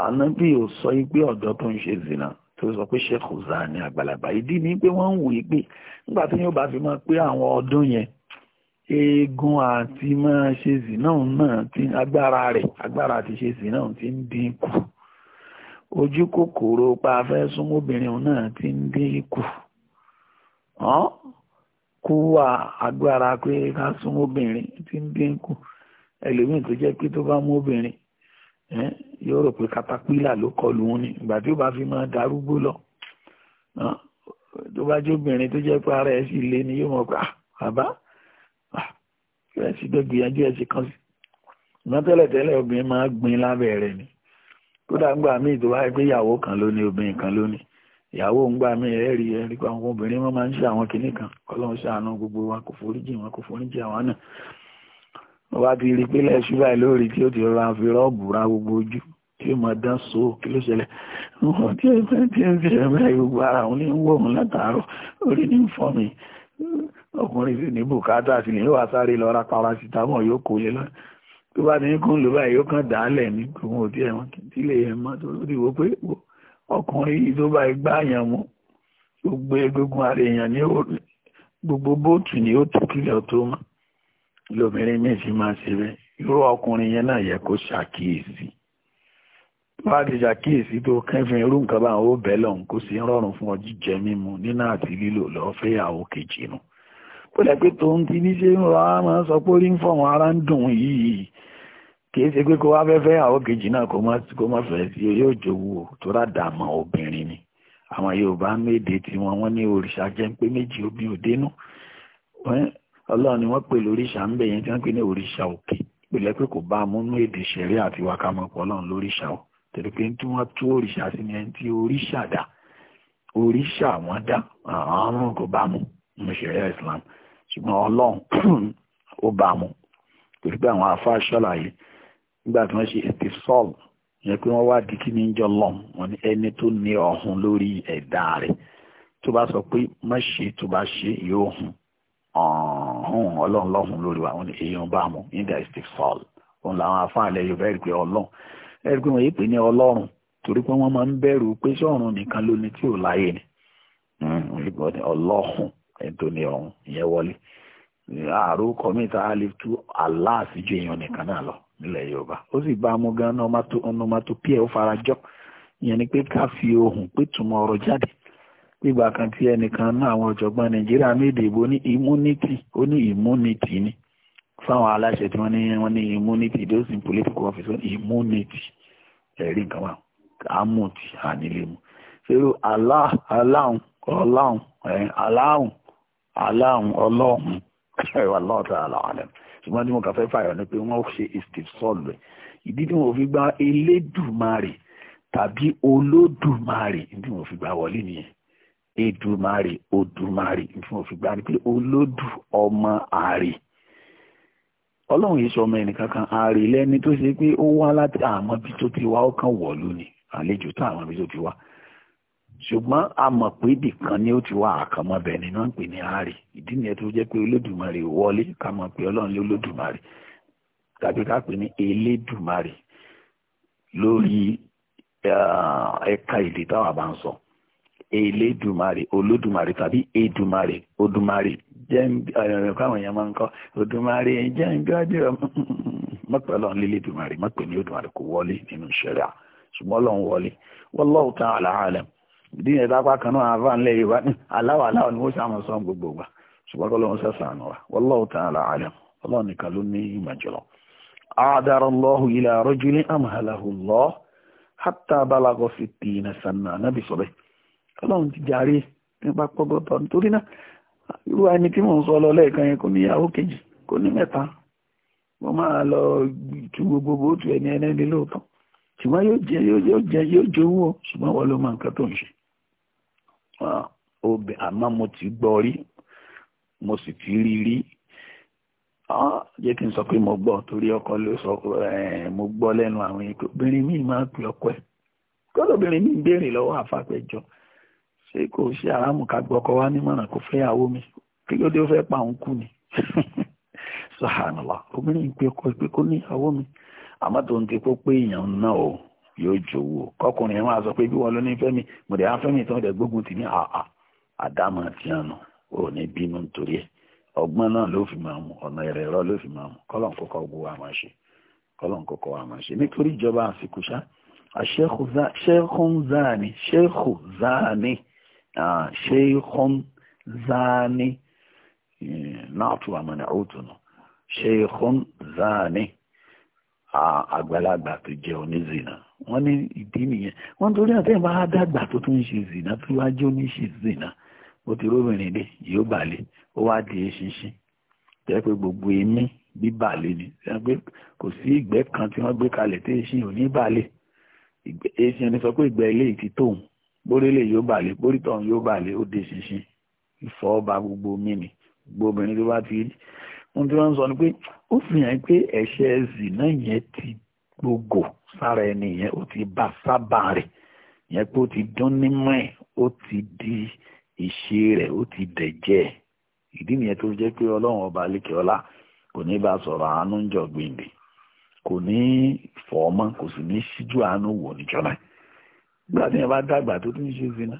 ànábì ò sọ pé ọ̀dọ́ tó ń ṣe zina tó sọ pé ṣéèkù záàni àgbàlagbà ìdí ni pé wọ́n ń wò ó pé nígbà tí fi máa pé àwọn ọdún yẹn eegun àti máa ṣe zina náà ti agbára rẹ̀ agbára àti ṣe zina náà ti ń ojú kòkòrò pa afẹ́ súnmọ́ obìnrin òun náà ti ń dín kù kú wà agbára pé ká súnmọ́ obìnrin ti ń dín kù ẹlòmíì tó jẹ́ pé tó bá mú obìnrin yóò rò pé katapila ló kọlù òun ni ìgbà tí ó bá fi máa darúgbó lọ tó bá jẹ́ tó jẹ́ pé ara ẹ̀ sì lé ni yóò mọ̀ pé bàbá ẹ̀ sì gbẹ́gbìyànjú ẹ̀ sì kan sí ìmọ̀tẹ́lẹ̀tẹ́lẹ̀ obìnrin máa gbin lábẹ́ rẹ̀ ni kódà ńgbà míì tó wáyé pé ìyàwó kan ló ní obìnrin kan ló ní ìyàwó ńgbà míì ẹ̀rí ẹ̀rí pé àwọn obìnrin wọn máa ń ṣe àwọn kinní kan kọ́lọ́run ṣàánú gbogbo wa kò foríjì wọn kò foríjì àwọn náà wọ́n bá ti rí i pé lẹ́ẹ̀ṣú báyìí lórí tí ó ti rọra fi rọ́ọ̀bù ra gbogbo ojú tí ó máa dán so kí ló ṣẹlẹ̀ wọn tí ó fẹ́ tí ó fi rẹ̀ báyìí gbogbo ara òun ní ń wò òun látàárọ̀ orí ní ń fọ́ mi ọkùnrin sì ní bùkátà sì ní wàá sáré lọ ra paracetamol yóò kó lé lọ́nà tó bá ní kún ló báyìí ó kàn dálẹ̀ ní kòun òdí ẹ̀wọ̀n tí lè yẹn mọ́ tó lórí wo pé ọkùnrin yìí tó bá gbá yàn mú gbogbo egungun ara èèyàn ní gbogbo bóòtù ni ó tú kílẹ̀ tó mọ́ lómìnirin méjì máa ṣe bẹ́ẹ̀ irú ọkùnrin yẹn náà yẹ kó ṣàkíyèsí tó bá ti ṣàkíyèsí tó kẹ́fìn irú nǹkan bá ó bẹ́ẹ̀ lọ́hùn kó sì ń rọrùn fún ọ jíjẹ mímu nínú àti lílò lọ́ọ́ fẹ́yàwó kejì nù ó lẹ́ pé tòun ti ní ṣe ń rọ á máa sọ pé orí ń fọ̀wọ́n ara ń dùn yìí kìí ṣe pé kó wá fẹ́ẹ́ fẹ́ àwọn kejì náà kó má fẹ́ sí yóò jowú o tó rà dààmú obìnrin ni àwọn yorùbá ń méde tí wọn wọn ní òrìṣà jẹ́ ń pé méjì omi ò dénú ọlọ́run ni wọ́n pè lóríṣà ń bẹ̀ yẹn tí wọ́n pè ní òrìṣà òkè pèlẹ́ pé kò bá múnú èdè ṣẹ̀rí àti wákàmọ́pọ̀ ọlọ́run lóríṣà o tẹ̀lé pé tí wọ́n tú òrìṣà sí ni ẹni tí òrìṣà dá òrìṣà wọn dá àrùn kò bá mu ní ṣẹ̀rí islam ṣùgbọ́n ọlọ́run ó bá mu torí pé àwọn afáṣọ́làyé nígbà tí wọ́n ṣe istisol ìyẹn pé wọ́n wá di kí ní jọ lọ́m wọ́n ní ẹni tó ní ọ̀hún lórí ẹ̀dá rẹ̀ tó bá sọ pé má ṣe tó bá ṣe yóò hùn ọ̀hún ọlọ́run lọ́hùn lórí wa wọ́n ní èèyàn bá mu nígbà istisol òun làwọn afáàlẹ̀ yorùbá ẹ̀rí pé ọlọ́run ẹ̀rí pé wọ́n yé pé ní ọlọ́run torí pé wọ́n máa ń bẹ̀rù pé sọ́run nìkan ló ní tí ò láyé ni hmm, ọlọ́hùn ẹni tó ní ọ̀hún ìyẹn wọlé àròkọ mi ta alif tú aláàfíjú èèyàn nìkan náà lọ nílẹ̀ yorùbá ó sì bá a mú gan onomatopoeia ó fara jọ ìyẹn ni pé ká fi ohùn pé túmọ̀ ọ̀rọ̀ jáde gbígbà kan tí ẹnìkan náà àwọn ọ̀jọ̀gbọ́n nàìjíríà méde ìbò ní immunity ó ní immunity ni fáwọn aláṣẹ tí wọ́n ní wọ́n ní immunity those in political office wọ́n ní immunity ẹ̀rí nǹkan wà àmùtì ànílému ṣerú aláhùn ọláhùn aláhùn aláhùn ọlọ́hùn ẹ̀wà lọ́ọ̀tà aláhùn ṣùgbọ́n tí mo kà fẹ́ fàyọ̀ ni pé wọ́n ṣe istifsọ́ọ̀lù rẹ̀ ìdí tí mo fi gba elédùmarè tàbí olódùmarè tí mo fi gba wọlé nìyẹn edùmarè odùmarè tí mo fi gba ni pé olódù ọmọ àrè ọlọ́run yìí sọ ọmọ ẹnìkankan àrè lẹ́ni tó ṣe pé ó wá láti àmọ́ bí tó ti wá ó kàn wọ̀lú ni àlejò tó àmọ́ bí tó ti wá ṣùgbọ́n a mọ̀ pé ibì kan ni ó ti wá àkànmọ́ bẹ̀ nínú ń pè ní àárẹ̀ ìdí nìyẹn tó jẹ́ pé olódùmarè wọlé ká mọ̀ pé ọlọ́run lé olódùmarè tàbí ká pè ní elédùmarè lórí ẹ̀ka èdè táwa bá ń sọ elédùmarè olódùmarè tàbí edùmarè odùmarè jẹ́ káwọn èèyàn máa ń kọ́ odùmarè jẹ́ gbájú mọ̀pẹ́ ọlọ́run lé elédùmarè mọ̀pẹ́ ní odùmarè kò wọlé nínú ṣẹ̀ríà ṣùgbọ́n ọlọ́run wọlé wallahu ta'ala alam ìdí yẹn dápá kan náà àbá ńlẹ̀ yorùbá ní aláwọ̀ aláwọ̀ ni wọ́n sàmọ̀ sọ́n gbogbo wa ṣùgbọ́n kọ́ lọ́wọ́ sẹ́sàn wa wallahu ta'ala alam ọlọ́run nìkan ló ní ìmọ̀ jùlọ. أعذر الله إلى رجل أمهله الله حتى بلغ ستين سنة نبي صلى ọlọ́run ti jàre nípa pọ́gọ́tọ̀ nítorí náà irú ẹni tí mò ń sọ lọ lẹ́ẹ̀kan yẹn kò níyàwó kejì kò ní mẹ́ta mo máa lọ tu gbogbo bó tu ṣùgbọ́n yóò ló máa nǹkan tó ń ṣe Ah, àmọ́ mo ti gbọ́ rí mo sì ti rí rí ah, jẹ́ kí n sọ pé mo torí ọkọ ló sọ eh, mo gbọ́ lẹ́nu àwọn èkó obìnrin míì máa pè ọkọ ẹ̀ kọ́dọ̀ obìnrin míì béèrè lọ́wọ́ àfàpẹ́jọ ṣé kò ṣe àrámù ká gbọ́ ọkọ wa nímọ̀ràn fẹ́ mi kí ló dé pa òun ni sàhánàlá obìnrin ń ọkọ ní mi àmọ́ tó ń ti kó pé o yóò jọ̀wọ́ kọkùnrin yẹn máa sọ pé bí wọn ló ní fẹ́mi mo dẹ̀ á fẹ́mi tí wọ́n dẹ̀ gbógun tì ní àà ah, ah, àdámọ̀ tí wọn nù ò ní bínú nítorí ẹ̀ ọgbọ́n náà ló fi máa mú ọ̀nà ẹ̀rẹ̀ ẹ̀rọ ló fi máa mú kọ́lọ̀ kọ́kọ́ gbogbo wa máa ṣe kọ́lọ̀ kọ́kọ́ wa máa ṣe nítorí ìjọba àsìkò ṣá ṣẹ́kùn záàní ṣẹ́kù záàní ṣẹ́kùn záàní náà tún wà mọ́ni ọ̀tún nù ṣẹ́kùn záàní àgbàlagbà tó jẹ́ onízìnà wọ́n ní ìdí nìyẹn wọ́n torí àti ẹ̀ máa dàgbà tó tún ń ṣe zìnà tó wá jó ní ṣe zìnà ó ti róbìnrin dé yóò balẹ̀ ó wá di eṣinṣin tẹ́ pé gbogbo ẹ̀mí bíbalẹ̀ ni pé kò sí ìgbẹ́ kan tí wọ́n gbé kalẹ̀ tí eṣin ò ní balẹ̀ eṣin ẹni sọ pé ìgbẹ́ ilé ti tóun bórí lè yóò balẹ̀ bórí tọ̀hún yóò balẹ̀ ó di eṣinṣin ìfọ́ ọba gbogbo mi ni gbogbo obìnrin tó bá ti ohun tí wọ́n ń sọ ni pé ó fi hàn pé ẹ̀ṣẹ̀ zìnà yẹn ti gbogbo sára ẹni yẹn ó ti bá sábà rẹ̀ yẹn pé ó ti dún nímọ̀ ẹ̀ ó ti di ìṣe rẹ̀ ó ti dẹ̀jẹ̀ ìdí nìyẹn tó jẹ́ pé ọlọ́run ọba lékè ọlá kò ní bá sọ̀rọ̀ àánú ń jọ gbìndì kò ní fọ̀ ọmọ kò sì ní síjú àánú wò níjọ́ náà nígbà tí yẹn bá dàgbà tó tún ṣe zina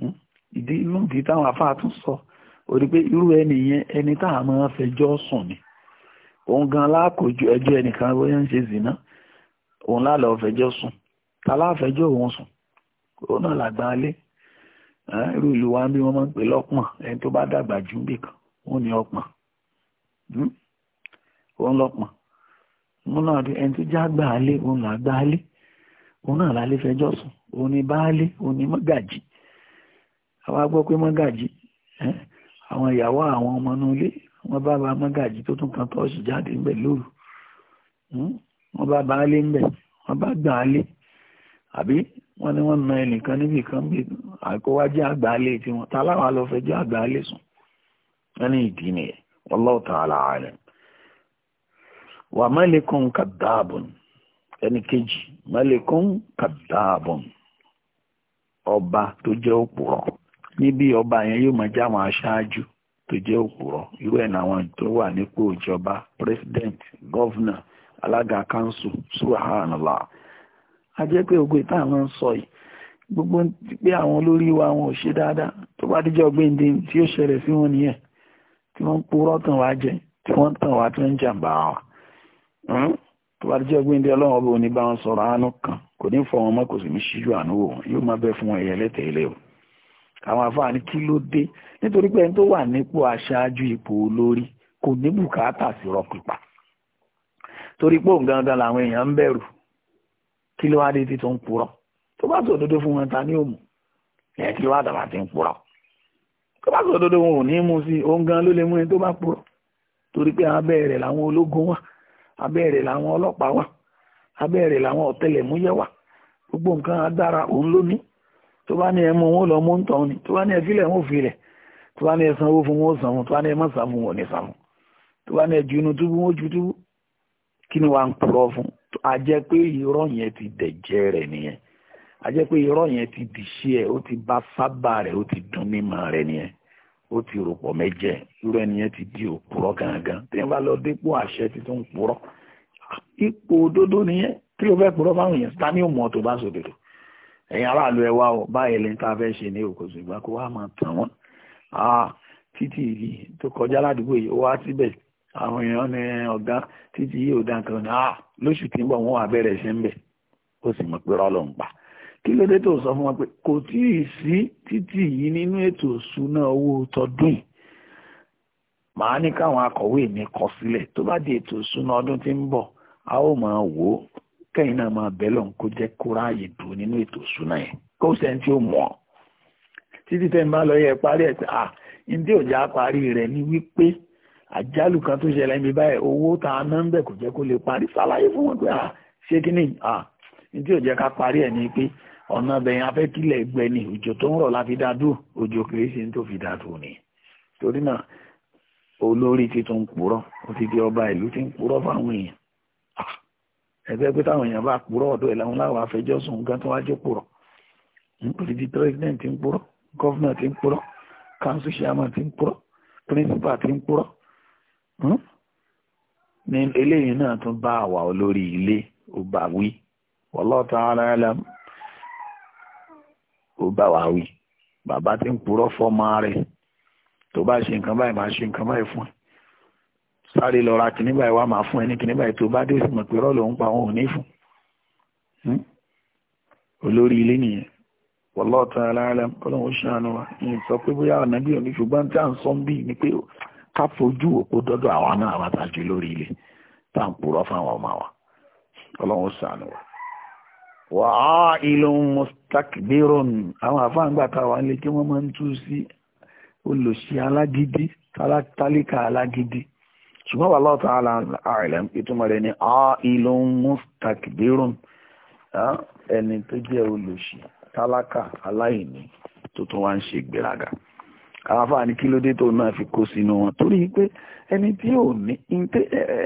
hmm, ìdí inú ìdí táwọn afáà tún sọ ó rí pé irú ẹni yẹn ẹni tá máa fẹjọ́ sùn ni òun gan lákòójú ẹjọ́ ẹnìkan bóyá ń ṣe zina òun náà lọ fẹjọ́ sùn taláfẹjọ́ òun sùn òun náà làgbà alé irú ìlú wa bí wọ́n máa ń pè lọ́pọ̀n ẹni tó bá dàgbà jù ń bì kan òun ni ọpọ̀n hmm? òun lọ́pọ̀n òun náà ẹni tó jágbà alé òun làgbà alé òun náà lálẹ́ fẹjọ́ sùn òun ni baálé òun ni mọ́gàjì àwa gbọ́ pé mọ́gàjì àwọn ìyàwó àwọn ọmọ inú ilé wọ́n bá ba mọ́gàjì tó tún kan tọ́ọ̀sì jáde ń bẹ̀ lóru hmm? wọ́n bá bá lé ń bẹ̀ wọ́n bá gbà á lé àbí wọ́n ní wọ́n na ẹnìkan níbi kan bí àkówájú àgbáálé tí wọ́n ta láwọn alọ́fẹ́jọ́ àgbáálé sùn wọ́n ní ìdí nìyẹn ẹni kejì malikun ọba tó jẹ́ òpùrọ̀ níbi ọba yẹn yóò máa aṣáájú tó jẹ́ president alága kanṣu subhanallah a jẹ́ pé ogun ìta àwọn ń sọ yìí gbogbo pé àwọn olórí wa wọn ò ṣe dáadáa tó bá díjọ́ gbéǹde tí ó ṣẹlẹ̀ sí wọn nìyẹn tí wọ́n ń purọ́ tàn wá jẹ tí wọ́n ń tàn wá tí wọ́n ń jàǹbá wa hmm? tó bá díjọ́ gbéǹde ọlọ́run ọba òní bá wọn sọ̀rọ̀ àánú kan kò ní fọ wọn kò sì ní ṣíjú àánú wò wọn yóò máa bẹ fún ẹ̀yẹ lẹ́tẹ̀ẹ́lẹ́ o àwọn afáàní kí ló dé nítorí pé ẹni tó wà nípò aṣáájú ipò olórí kò ní bùkátà sí rọ torí pò gangan làwọn èèyàn ń bẹ̀rù kí ló wá dé tí tó ń purọ́ tó bá sọ òdodo fún wọn ta ní òmù ẹ̀ kí ló wá dàbà tí ń purọ́ tó bá sọ òdodo wọn ò ní mú sí òun gan ló lè mú ẹni tó bá purọ́ torí pé abẹ́ rẹ̀ làwọn ológun wà abẹ́ rẹ̀ làwọn ọlọ́pàá wà abẹ́ làwọn ọ̀tẹlẹ̀múyẹ́ wà gbogbo nǹkan adára òun ló ní tó bá ní ẹmu wọn lọ mú ń tàn ni tó bá ní ẹfílẹ̀ wọn wọn ò kí ni wàá ń purọ́ fún a jẹ́ pé irọ́ yẹn ti dẹ̀jẹ́ rẹ̀ nìyẹn a jẹ́ pé irọ́ yẹn ti dìṣe ẹ̀ ó ti bá sábà rẹ̀ ó ti dún mímọ́ rẹ̀ nìyẹn ó ti rò pọ̀ mẹ́jẹ irú ẹni yẹn ti di òpùrọ́ gangan tí wọ́n bá lọ dépò àṣẹ ti tún ipò òdodo nìyẹn tí o fẹ́ purọ́ fáwọn èèyàn ta ni ò mọ̀ tó bá sòdodo ẹ̀yin aráàlú ẹ wá o báyìí lẹ́yìn tá a fẹ́ ṣe ní òkò ṣùgbọ́n kó wá máa tàn wọ́n ah, títí yìí tó kọjá ládùúgbò yìí ó wá síbẹ̀ àwọn èèyàn ní ọ̀gá títí yìí ò dá nǹkan náà ah, lóṣù tí ń bọ̀ wọ́n wà bẹ̀rẹ̀ ṣe ń bẹ̀ ó sì mọ̀ pé rọ́ọ̀lọ́ ń pa kí ló dé tó sọ fún wọn pé kò tí ì sí títí yìí nínú ètò ìṣúná owó tọdún yìí màá ní káwọn akọ̀wé mi kọ sílẹ̀ tó bá di ètò ìṣúná ọdún tí ń bọ̀ a ó máa wò ó kẹ́yìn náà máa bẹ́ẹ̀ lọ́n kó jẹ́ kó ráàyè dùn nínú ètò ìṣúná yẹn kó sẹ́ni tí ó mọ̀ títí tẹ́ ń bá lọ yẹ parí ẹ̀ sí à ah, ǹdí òjá parí rẹ̀ ni wípé àjálù kan tó ṣẹlẹ̀ níbi báyìí owó tá a ná ń bẹ̀ kò jẹ́ kó lè parí ṣàlàyé fún wọn pé à ṣé kí ni à ní tí ò jẹ́ ká parí ẹ̀ ni pé ọ̀nà bẹ̀yìn afẹ́ gbẹ ni òjò tó ń rọ̀ la fi dá dúró òjò kìí ṣe tó fi dá dúró ni torí náà olórí ti tún purọ́ ó ti di ọba ìlú ti ń purọ́ fáwọn èèyàn ẹgbẹ́ pé táwọn èèyàn bá purọ́ ọ̀dọ̀ ẹ̀ làwọn láwọn afẹjọ́ gan tó wájú purọ́ nítorí di president ti ń purọ́ gọ́fúnà ti ń purọ́ council chairman ti ń purọ́ principal ti ń purọ́ Hmm? ní eléyìí náà tún bá àwa olórí ilé ó bá wí wallahu ta'ala alam ó bá wa wí bàbá tí ń purọ́ fọ́mọ rẹ̀ tó bá ṣe nǹkan báyìí máa ṣe nǹkan báyìí fún ẹ sáré lọ ra kìnní báyìí wá máa fún ẹ ní kìnní báyìí tó bá dé sí mọ̀ pé rọ́ọ̀lù ń pa òun ò ní fún hmm? olórí ilé nìyẹn wallahu ta'ala alam ọlọ́run ṣàánú wa ní ìsọ pé bóyá ànábì òní ṣùgbọ́n tí à ń sọ ń bì ní pé ká fojú òpó dọ́dọ̀ àwa náà wá tàjú lórí ilé tá à ń purọ́ fáwọn ọmọ wa ọlọ́run sànù wa. wà á ìlú mustakbirun àwọn àfáàǹgbà táwa ń lé kí wọ́n máa ń tú sí olùsí alágídí tálíkà alágídí ṣùgbọ́n wà lọ́ta àrẹ̀lẹ̀ ìtumọ̀ rẹ̀ ni á ìlú mustakbirun ẹni tó jẹ́ olùsí tálákà aláìní tó tún wá ń ṣe gbéraga àwọn afáàní kí ló dé tó náà fi kó sínú wọn torí pé ẹni tí ò ní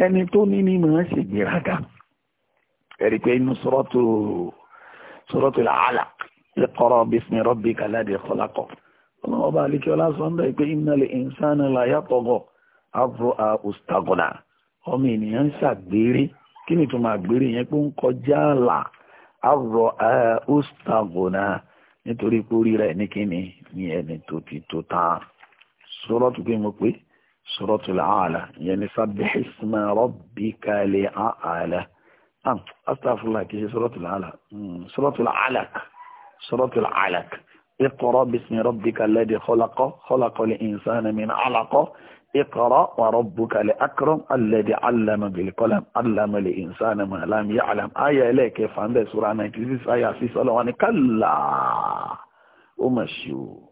ẹni tó ní ní máa ṣègbéraga ẹ̀rí pé inú sọ́rọ́tò sọ́rọ́tò làálà iqra bismi rabbika alladhi khalaqa ọlọ́wọ́ bá alikẹ́ ọlásọ́ndọ̀ ìpé innal insana la yatgha afro a ustagona ọmọ ènìyàn ṣàgbére kí ni tó máa gbére yẹn pé ń kọjá àlà afro a ustagona nítorí pé orí rẹ̀ ní kíni ní ẹni tó ti tó tán sọ́rọ́tù kí mo pé sọ́rọ́tù làálà ìyẹn ní sábẹ́ ìsinmi rọ́bì kalẹ̀ àálà astafurla kì í ṣe sọ́rọ́tù làálà sọ́rọ́tù làálà sọ́rọ́tù làálà iqra bismi rabbika alladhi khalaqa khalaqa al-insana min alaqa. اقرأ وربك لأكرم الذي علم بالقلم علم الإنسان ما لم يعلم آية لك فعند سورة 96 آية في صلى الله كلا ومشيو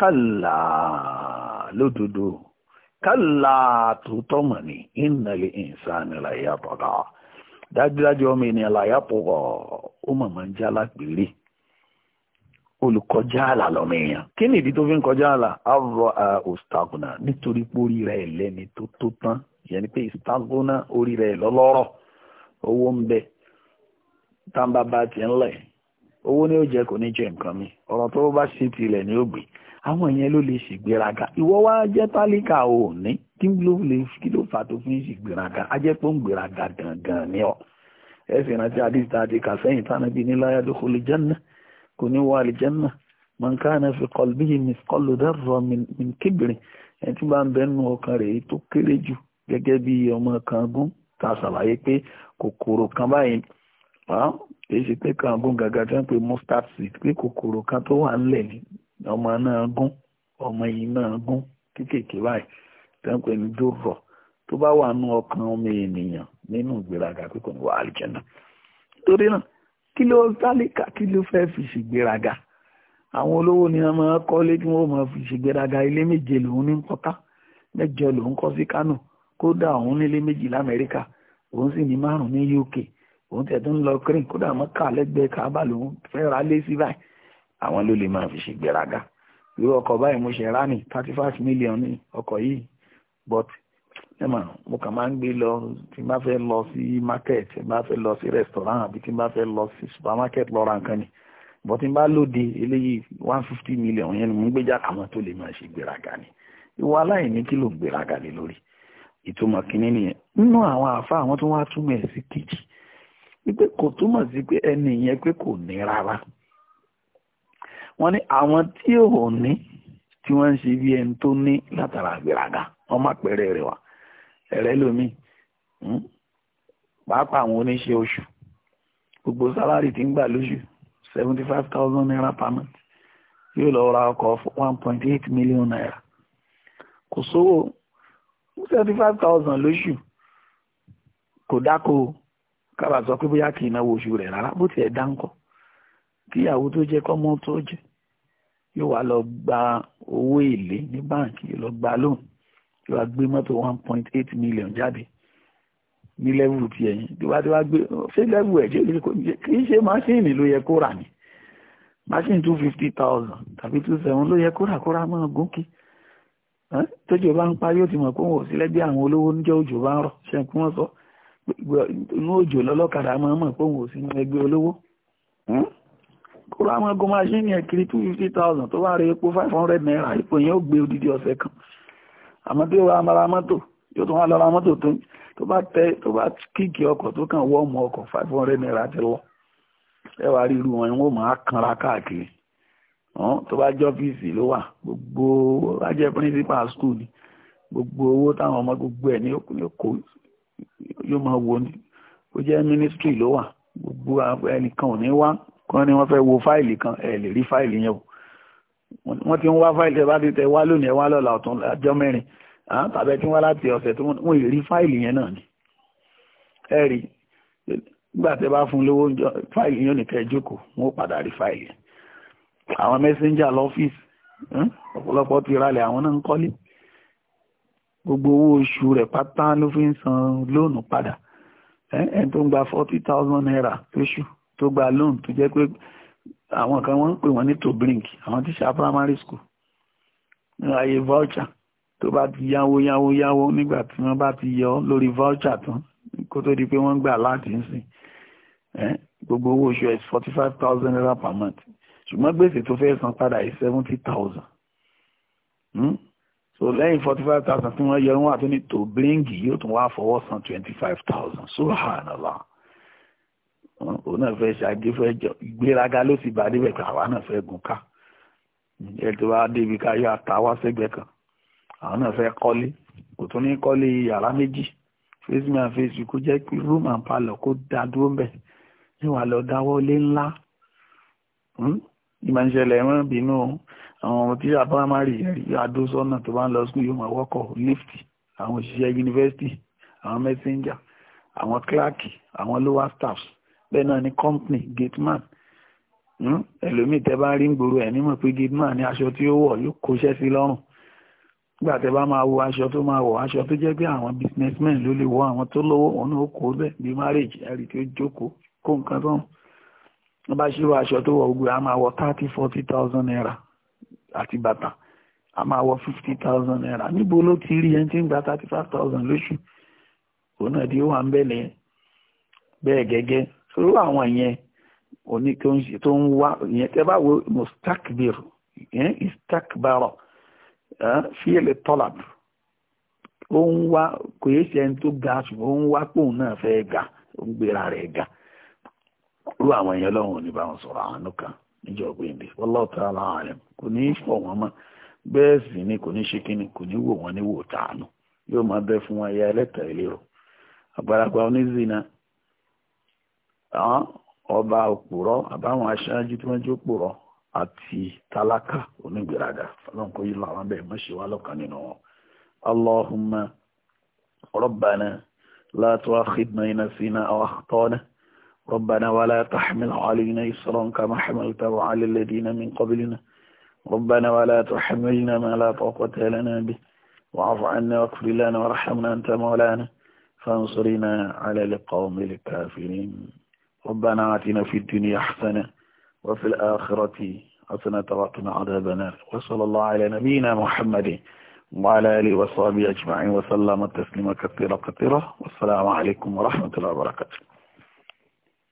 كلا لدودو كلا تطمني إن الإنسان لا يطغى dájúdájú ọmọ لا làyàpọ̀ ọ̀ ó mọ̀mọ́ ń olùkọjá àlà lọ́mọ èèyàn kí ni ìdí tó fi ń kọjá àlà avro ostagona nítorí pé orí rẹ̀ lẹ́ni tó tó tán ìyẹn ni pé istagona orí rẹ̀ lọ́lọ́rọ̀ owó ń bẹ tàǹbà bá ti ń lẹ̀ owó ni ó jẹ kò ní jẹ nǹkan mi ọ̀rọ̀ tó bá ṣe tilẹ̀ ni ó gbé àwọn ìyẹn ló lè ṣègbéraga ìwọ wá jẹ́ tálíkà ò ní kí ló lè kí ló fà tó fi ń ṣègbéraga a jẹ́ pé ń gbéraga gangan ni ọ ẹ sì rántí adíṣe àti kàfẹ́yìn tánàbí níláyà ló kò lè jẹ́ náà kò ní wọ àlìjẹ́nà man kana fi qalbihi mithqalu dharra min kibrin ẹni tí bá ń bẹ nínú ọkàn rẹ̀ tó kéré jù gẹ́gẹ́ bí ọmọ kàngún ta ṣàlàyé pé kòkòrò kan báyìí èyí ṣe pé kàngún gàgà tí wọ́n pe mustard seed pé kòkòrò kan tó wà ńlẹ̀ ni ọmọ náà gún ọmọ yìí náà gún kéékèèké báyìí tí wọ́n pe ní dòrò tó bá wà nínú ọkàn ọmọ ènìyàn nínú ìgbéraga pé kò ní wà àlìjẹ́nà torí náà kí ló tálíkà kí ló fẹ́ fi ṣègbéraga àwọn olówó ni wọ́n máa kọ́lé tí wọ́n máa fi ṣègbéraga ilé méje lòun ní kọ́ká mẹ́jọ lòun kọ́ sí Kánò kódà òun nílé méjì lamẹ́ríkà òun sì ní márùn ní UK òun tẹ̀ tó ń lọ kírìn kódà mọ́kà lẹ́gbẹ̀ẹ́ kábà lòun fẹ́ ra lé sí báyìí àwọn ló lè máa fi ṣègbéraga irú ọkọ̀ báyìí mo ṣe rá ní thirty five million ní ọkọ̀ yìí but ẹ mà mo kàn máa ń gbé lọ tí n bá fẹ́ lọ sí market tí n bá fẹ́ lọ sí restaurant àbí tí n bá fẹ́ lọ sí supermarket lọ ra nǹkan ni bọ́ tí n bá lóde eléyìí one fifty million yẹn ni mo ń gbé jáde àwọn tó lè máa ṣe gbéraga ni ìwọ aláìní kí ló ń gbéraga lé lórí ìtumọ̀ kínní nìyẹn nínú àwọn àfa àwọn tó wá túmọ̀ ẹ̀ sí kejì wípé kò túmọ̀ sí pé ẹni yẹn pé kò ní rárá wọ́n ní àwọn tí ò ní tí wọ́n ń ṣe bí ẹni tó ní látara gbéraga wọ́n má pẹ́rẹ́ rẹ̀ ẹ̀rẹ́ lomi hmm? pàápàá àwọn oníṣẹ́ oṣù gbogbo sálárì tí ń gbà lóṣù seventy five thousand naira per month yóò lọ ra ọkọ̀ one point eight million naira kò sówó seventy five thousand lóṣù kò dáko kábà sọ pé bóyá kì í náwó oṣù rẹ̀ rárá bó tiẹ̀ dáńkọ́ kíyàwó tó jẹ́ kọ́mọ́ tó jẹ́ yóò wá lọ gba owó èlé ní báǹkì lọ gba lóhùn yóò wá gbé mọ́tò one point eight million jáde ní lẹ́wù ti ẹ̀yìn tí wàá ti wá gbé ṣé lẹ́wù ẹ̀ kì í ṣe máṣíìnì ló yẹ kó rà ní máṣíìnì two fifty thousand tàbí two seven ló yẹ kó rà kó rà mọ́ gòkè tójò bá ń parí ó ti mọ̀ pé wọn ò sí lẹ́gbẹ́ àwọn olówó níjọ́ òjò bá ń rọ̀ ṣe kí wọ́n sọ inú òjò lọ́lọ́kadà máa mọ̀ pé wọn ò ẹgbẹ́ olówó kó rà mọ́ gòmáṣíìnì ẹ̀ kiri two fifty thousand tó bá rí epo five hundred naira ipò yẹn ó gbé odidi ọ̀sẹ̀ kan àmọ́ tí ó wá ara mọ́tò yóò tún wá lọ́ra mọ́tò tó tó bá tẹ tó bá kíkì ọkọ̀ tó kàn wọ́ ọmọ ọkọ̀ five hundred naira ti lọ ẹ wàá rí irú wọn ni wọ́n máa kanra káàkiri tó bá jẹ́ ọ́fíìsì ló wà gbogbo bá jẹ́ principal school ni gbogbo owó táwọn ọmọ gbogbo ẹ̀ ní òkùnrin kò yóò máa wo ni ó jẹ́ ministry ló wà gbogbo ẹnìkan ò ní wá kọ́ ni wọ́n fẹ́ wo fáìlì kan ẹ̀ lè rí fáìlì yẹn o wọ́n ti ń wá fáìlì tẹ́ bá ti tẹ wá lónìí ẹ wá lọ́la ọ̀tún àjọ mẹ́rin tàbí tí wọ́n láti ọ̀sẹ̀ tí wọ́n ì rí fáìlì yẹn náà ni ẹ rí nígbà tẹ́ bá fún lówó fáìlì yẹn nìkan ẹ jókòó wọn ó padà rí fáìlì àwọn mẹ́sẹ́ńjà lọ́fíìsì hm, ọ̀pọ̀lọpọ̀ ti ralẹ̀ àwọn náà ń kọ́lé gbogbo owó oṣù rẹ̀ pátá ló fi ń san lóònù padà ẹni tó ń gba forty thousand naira lóṣù tó gba lóònù tó jẹ́ pé àwọn kan wọ́n ń pè wọ́n ní to blink. àwọn tíṣà primary school ní ayé voucher tó bá ti yáwó yáwó yáwó nígbà tí wọ́n bá ti yọ lórí voucher tán kó tó di pé wọ́n gbà láti ń sìn gbogbo owó oṣù ẹ̀ forty five thousand naira per month ṣùgbọ́n gbèsè tó fẹ́ san padà yìí seventy thousand hmm? so lẹ́yìn forty five thousand tí wọ́n yọ to blink. bring yóò tún wá fọwọ́ san twenty five thousand So, subhanallah òun náà fẹ́ ṣàgé fẹ́ jọ ìgbéraga ló sì bá débẹ̀ pé àwa náà fẹ́ gùn ká ẹ tó bá débi ká yọ àtàwá sẹ́gbẹ̀ẹ́ kan àwọn náà fẹ́ kọ́lé kò tún ní kọ́lé yàrá méjì face me face you kó jẹ́ pé room and parlour kó dá dúró ń bẹ̀ ẹ wà lọ dáwọ́ lé ńlá ìmọ̀ hmm? ìṣẹ̀lẹ̀ ẹ̀rọ bínú àwọn ọmọ tí àbá máa rí adó sọ́nà tó bá ń lọ skul yóò máa wọ́kọ̀ lift àwọn òṣìṣẹ́ yunifásitì àwọn mẹ́sẹ́ńjà àwọn kíláàkì àwọn lower staffs bẹ́ẹ̀ ni company gateman hmm? ẹlòmíì tẹ́ bá rí ń gbòòrò ẹ̀ nímọ̀ pé man ni aṣọ tí ó wọ̀ yóò kóṣẹ́ sí lọ́rùn nígbà tẹ́ bá máa wo aṣọ tó máa wọ̀ aṣọ tó jẹ́ pé àwọn businessmen ló lè wọ àwọn tó lówó òun náà kó bẹ́ẹ̀ bí marriage ẹ̀rì tí ó jókòó kó nǹkan tó ń wọ́n bá ṣírò aṣọ tó wọ̀ gbogbo a máa wọ thirty forty thousand naira àti bàtà a máa wọ fifty thousand naira níbo ló ti rí ẹni tí ń gba thirty five thousand lóṣù òun náà di ó wà ń bẹ̀lẹ̀ bẹ́ẹ̀ gẹ́gẹ́ sòrò àwọn yẹn òní tó ń wá ìyẹn bá wo mustakbir ìyẹn istakbara fíìlì baro ó ń wá kò yé ṣe ẹni tó ga ṣùgbọ́n ó ń wá pòun náà fẹ́ ga ó ń gbéra rẹ̀ ga rú àwọn èèyàn lọ́wọ́ ní bá wọn sọ̀rọ̀ àánú kan níjọ́ gbèǹde wallahu kò ní fọ̀ wọ́n mọ́ bẹ́ẹ̀ sì ni kò ní ṣe kíni kò ọba òpùrọ́ àbáwọn aṣáájú tí wọ́n jó pòrọ́ àti tálákà onígbèrágà ọlọ́run kò yí làwọn bẹ́ẹ̀ mọ́ ṣe wá lọ́kàn nínú wọn. allahumma rabbana la tu'akhidna in nasina aw akhtana rabbana wala tahmil alayna isran kama hamaltahu ala alladhina min qablina rabbana wala tuhammilna ma la taqata lana bihi wa'fu 'anna waghfir lana warhamna anta mawlana fansurna 'ala alqawmi alkafirin. ربنا آتنا في الدنيا حسنة وفي الآخرة حسنة وقنا عذاب النار وصلى الله على نبينا محمد وعلى آله وصحبه أجمعين وسلم تسليما كثيرا كثيرا والسلام عليكم ورحمة الله وبركاته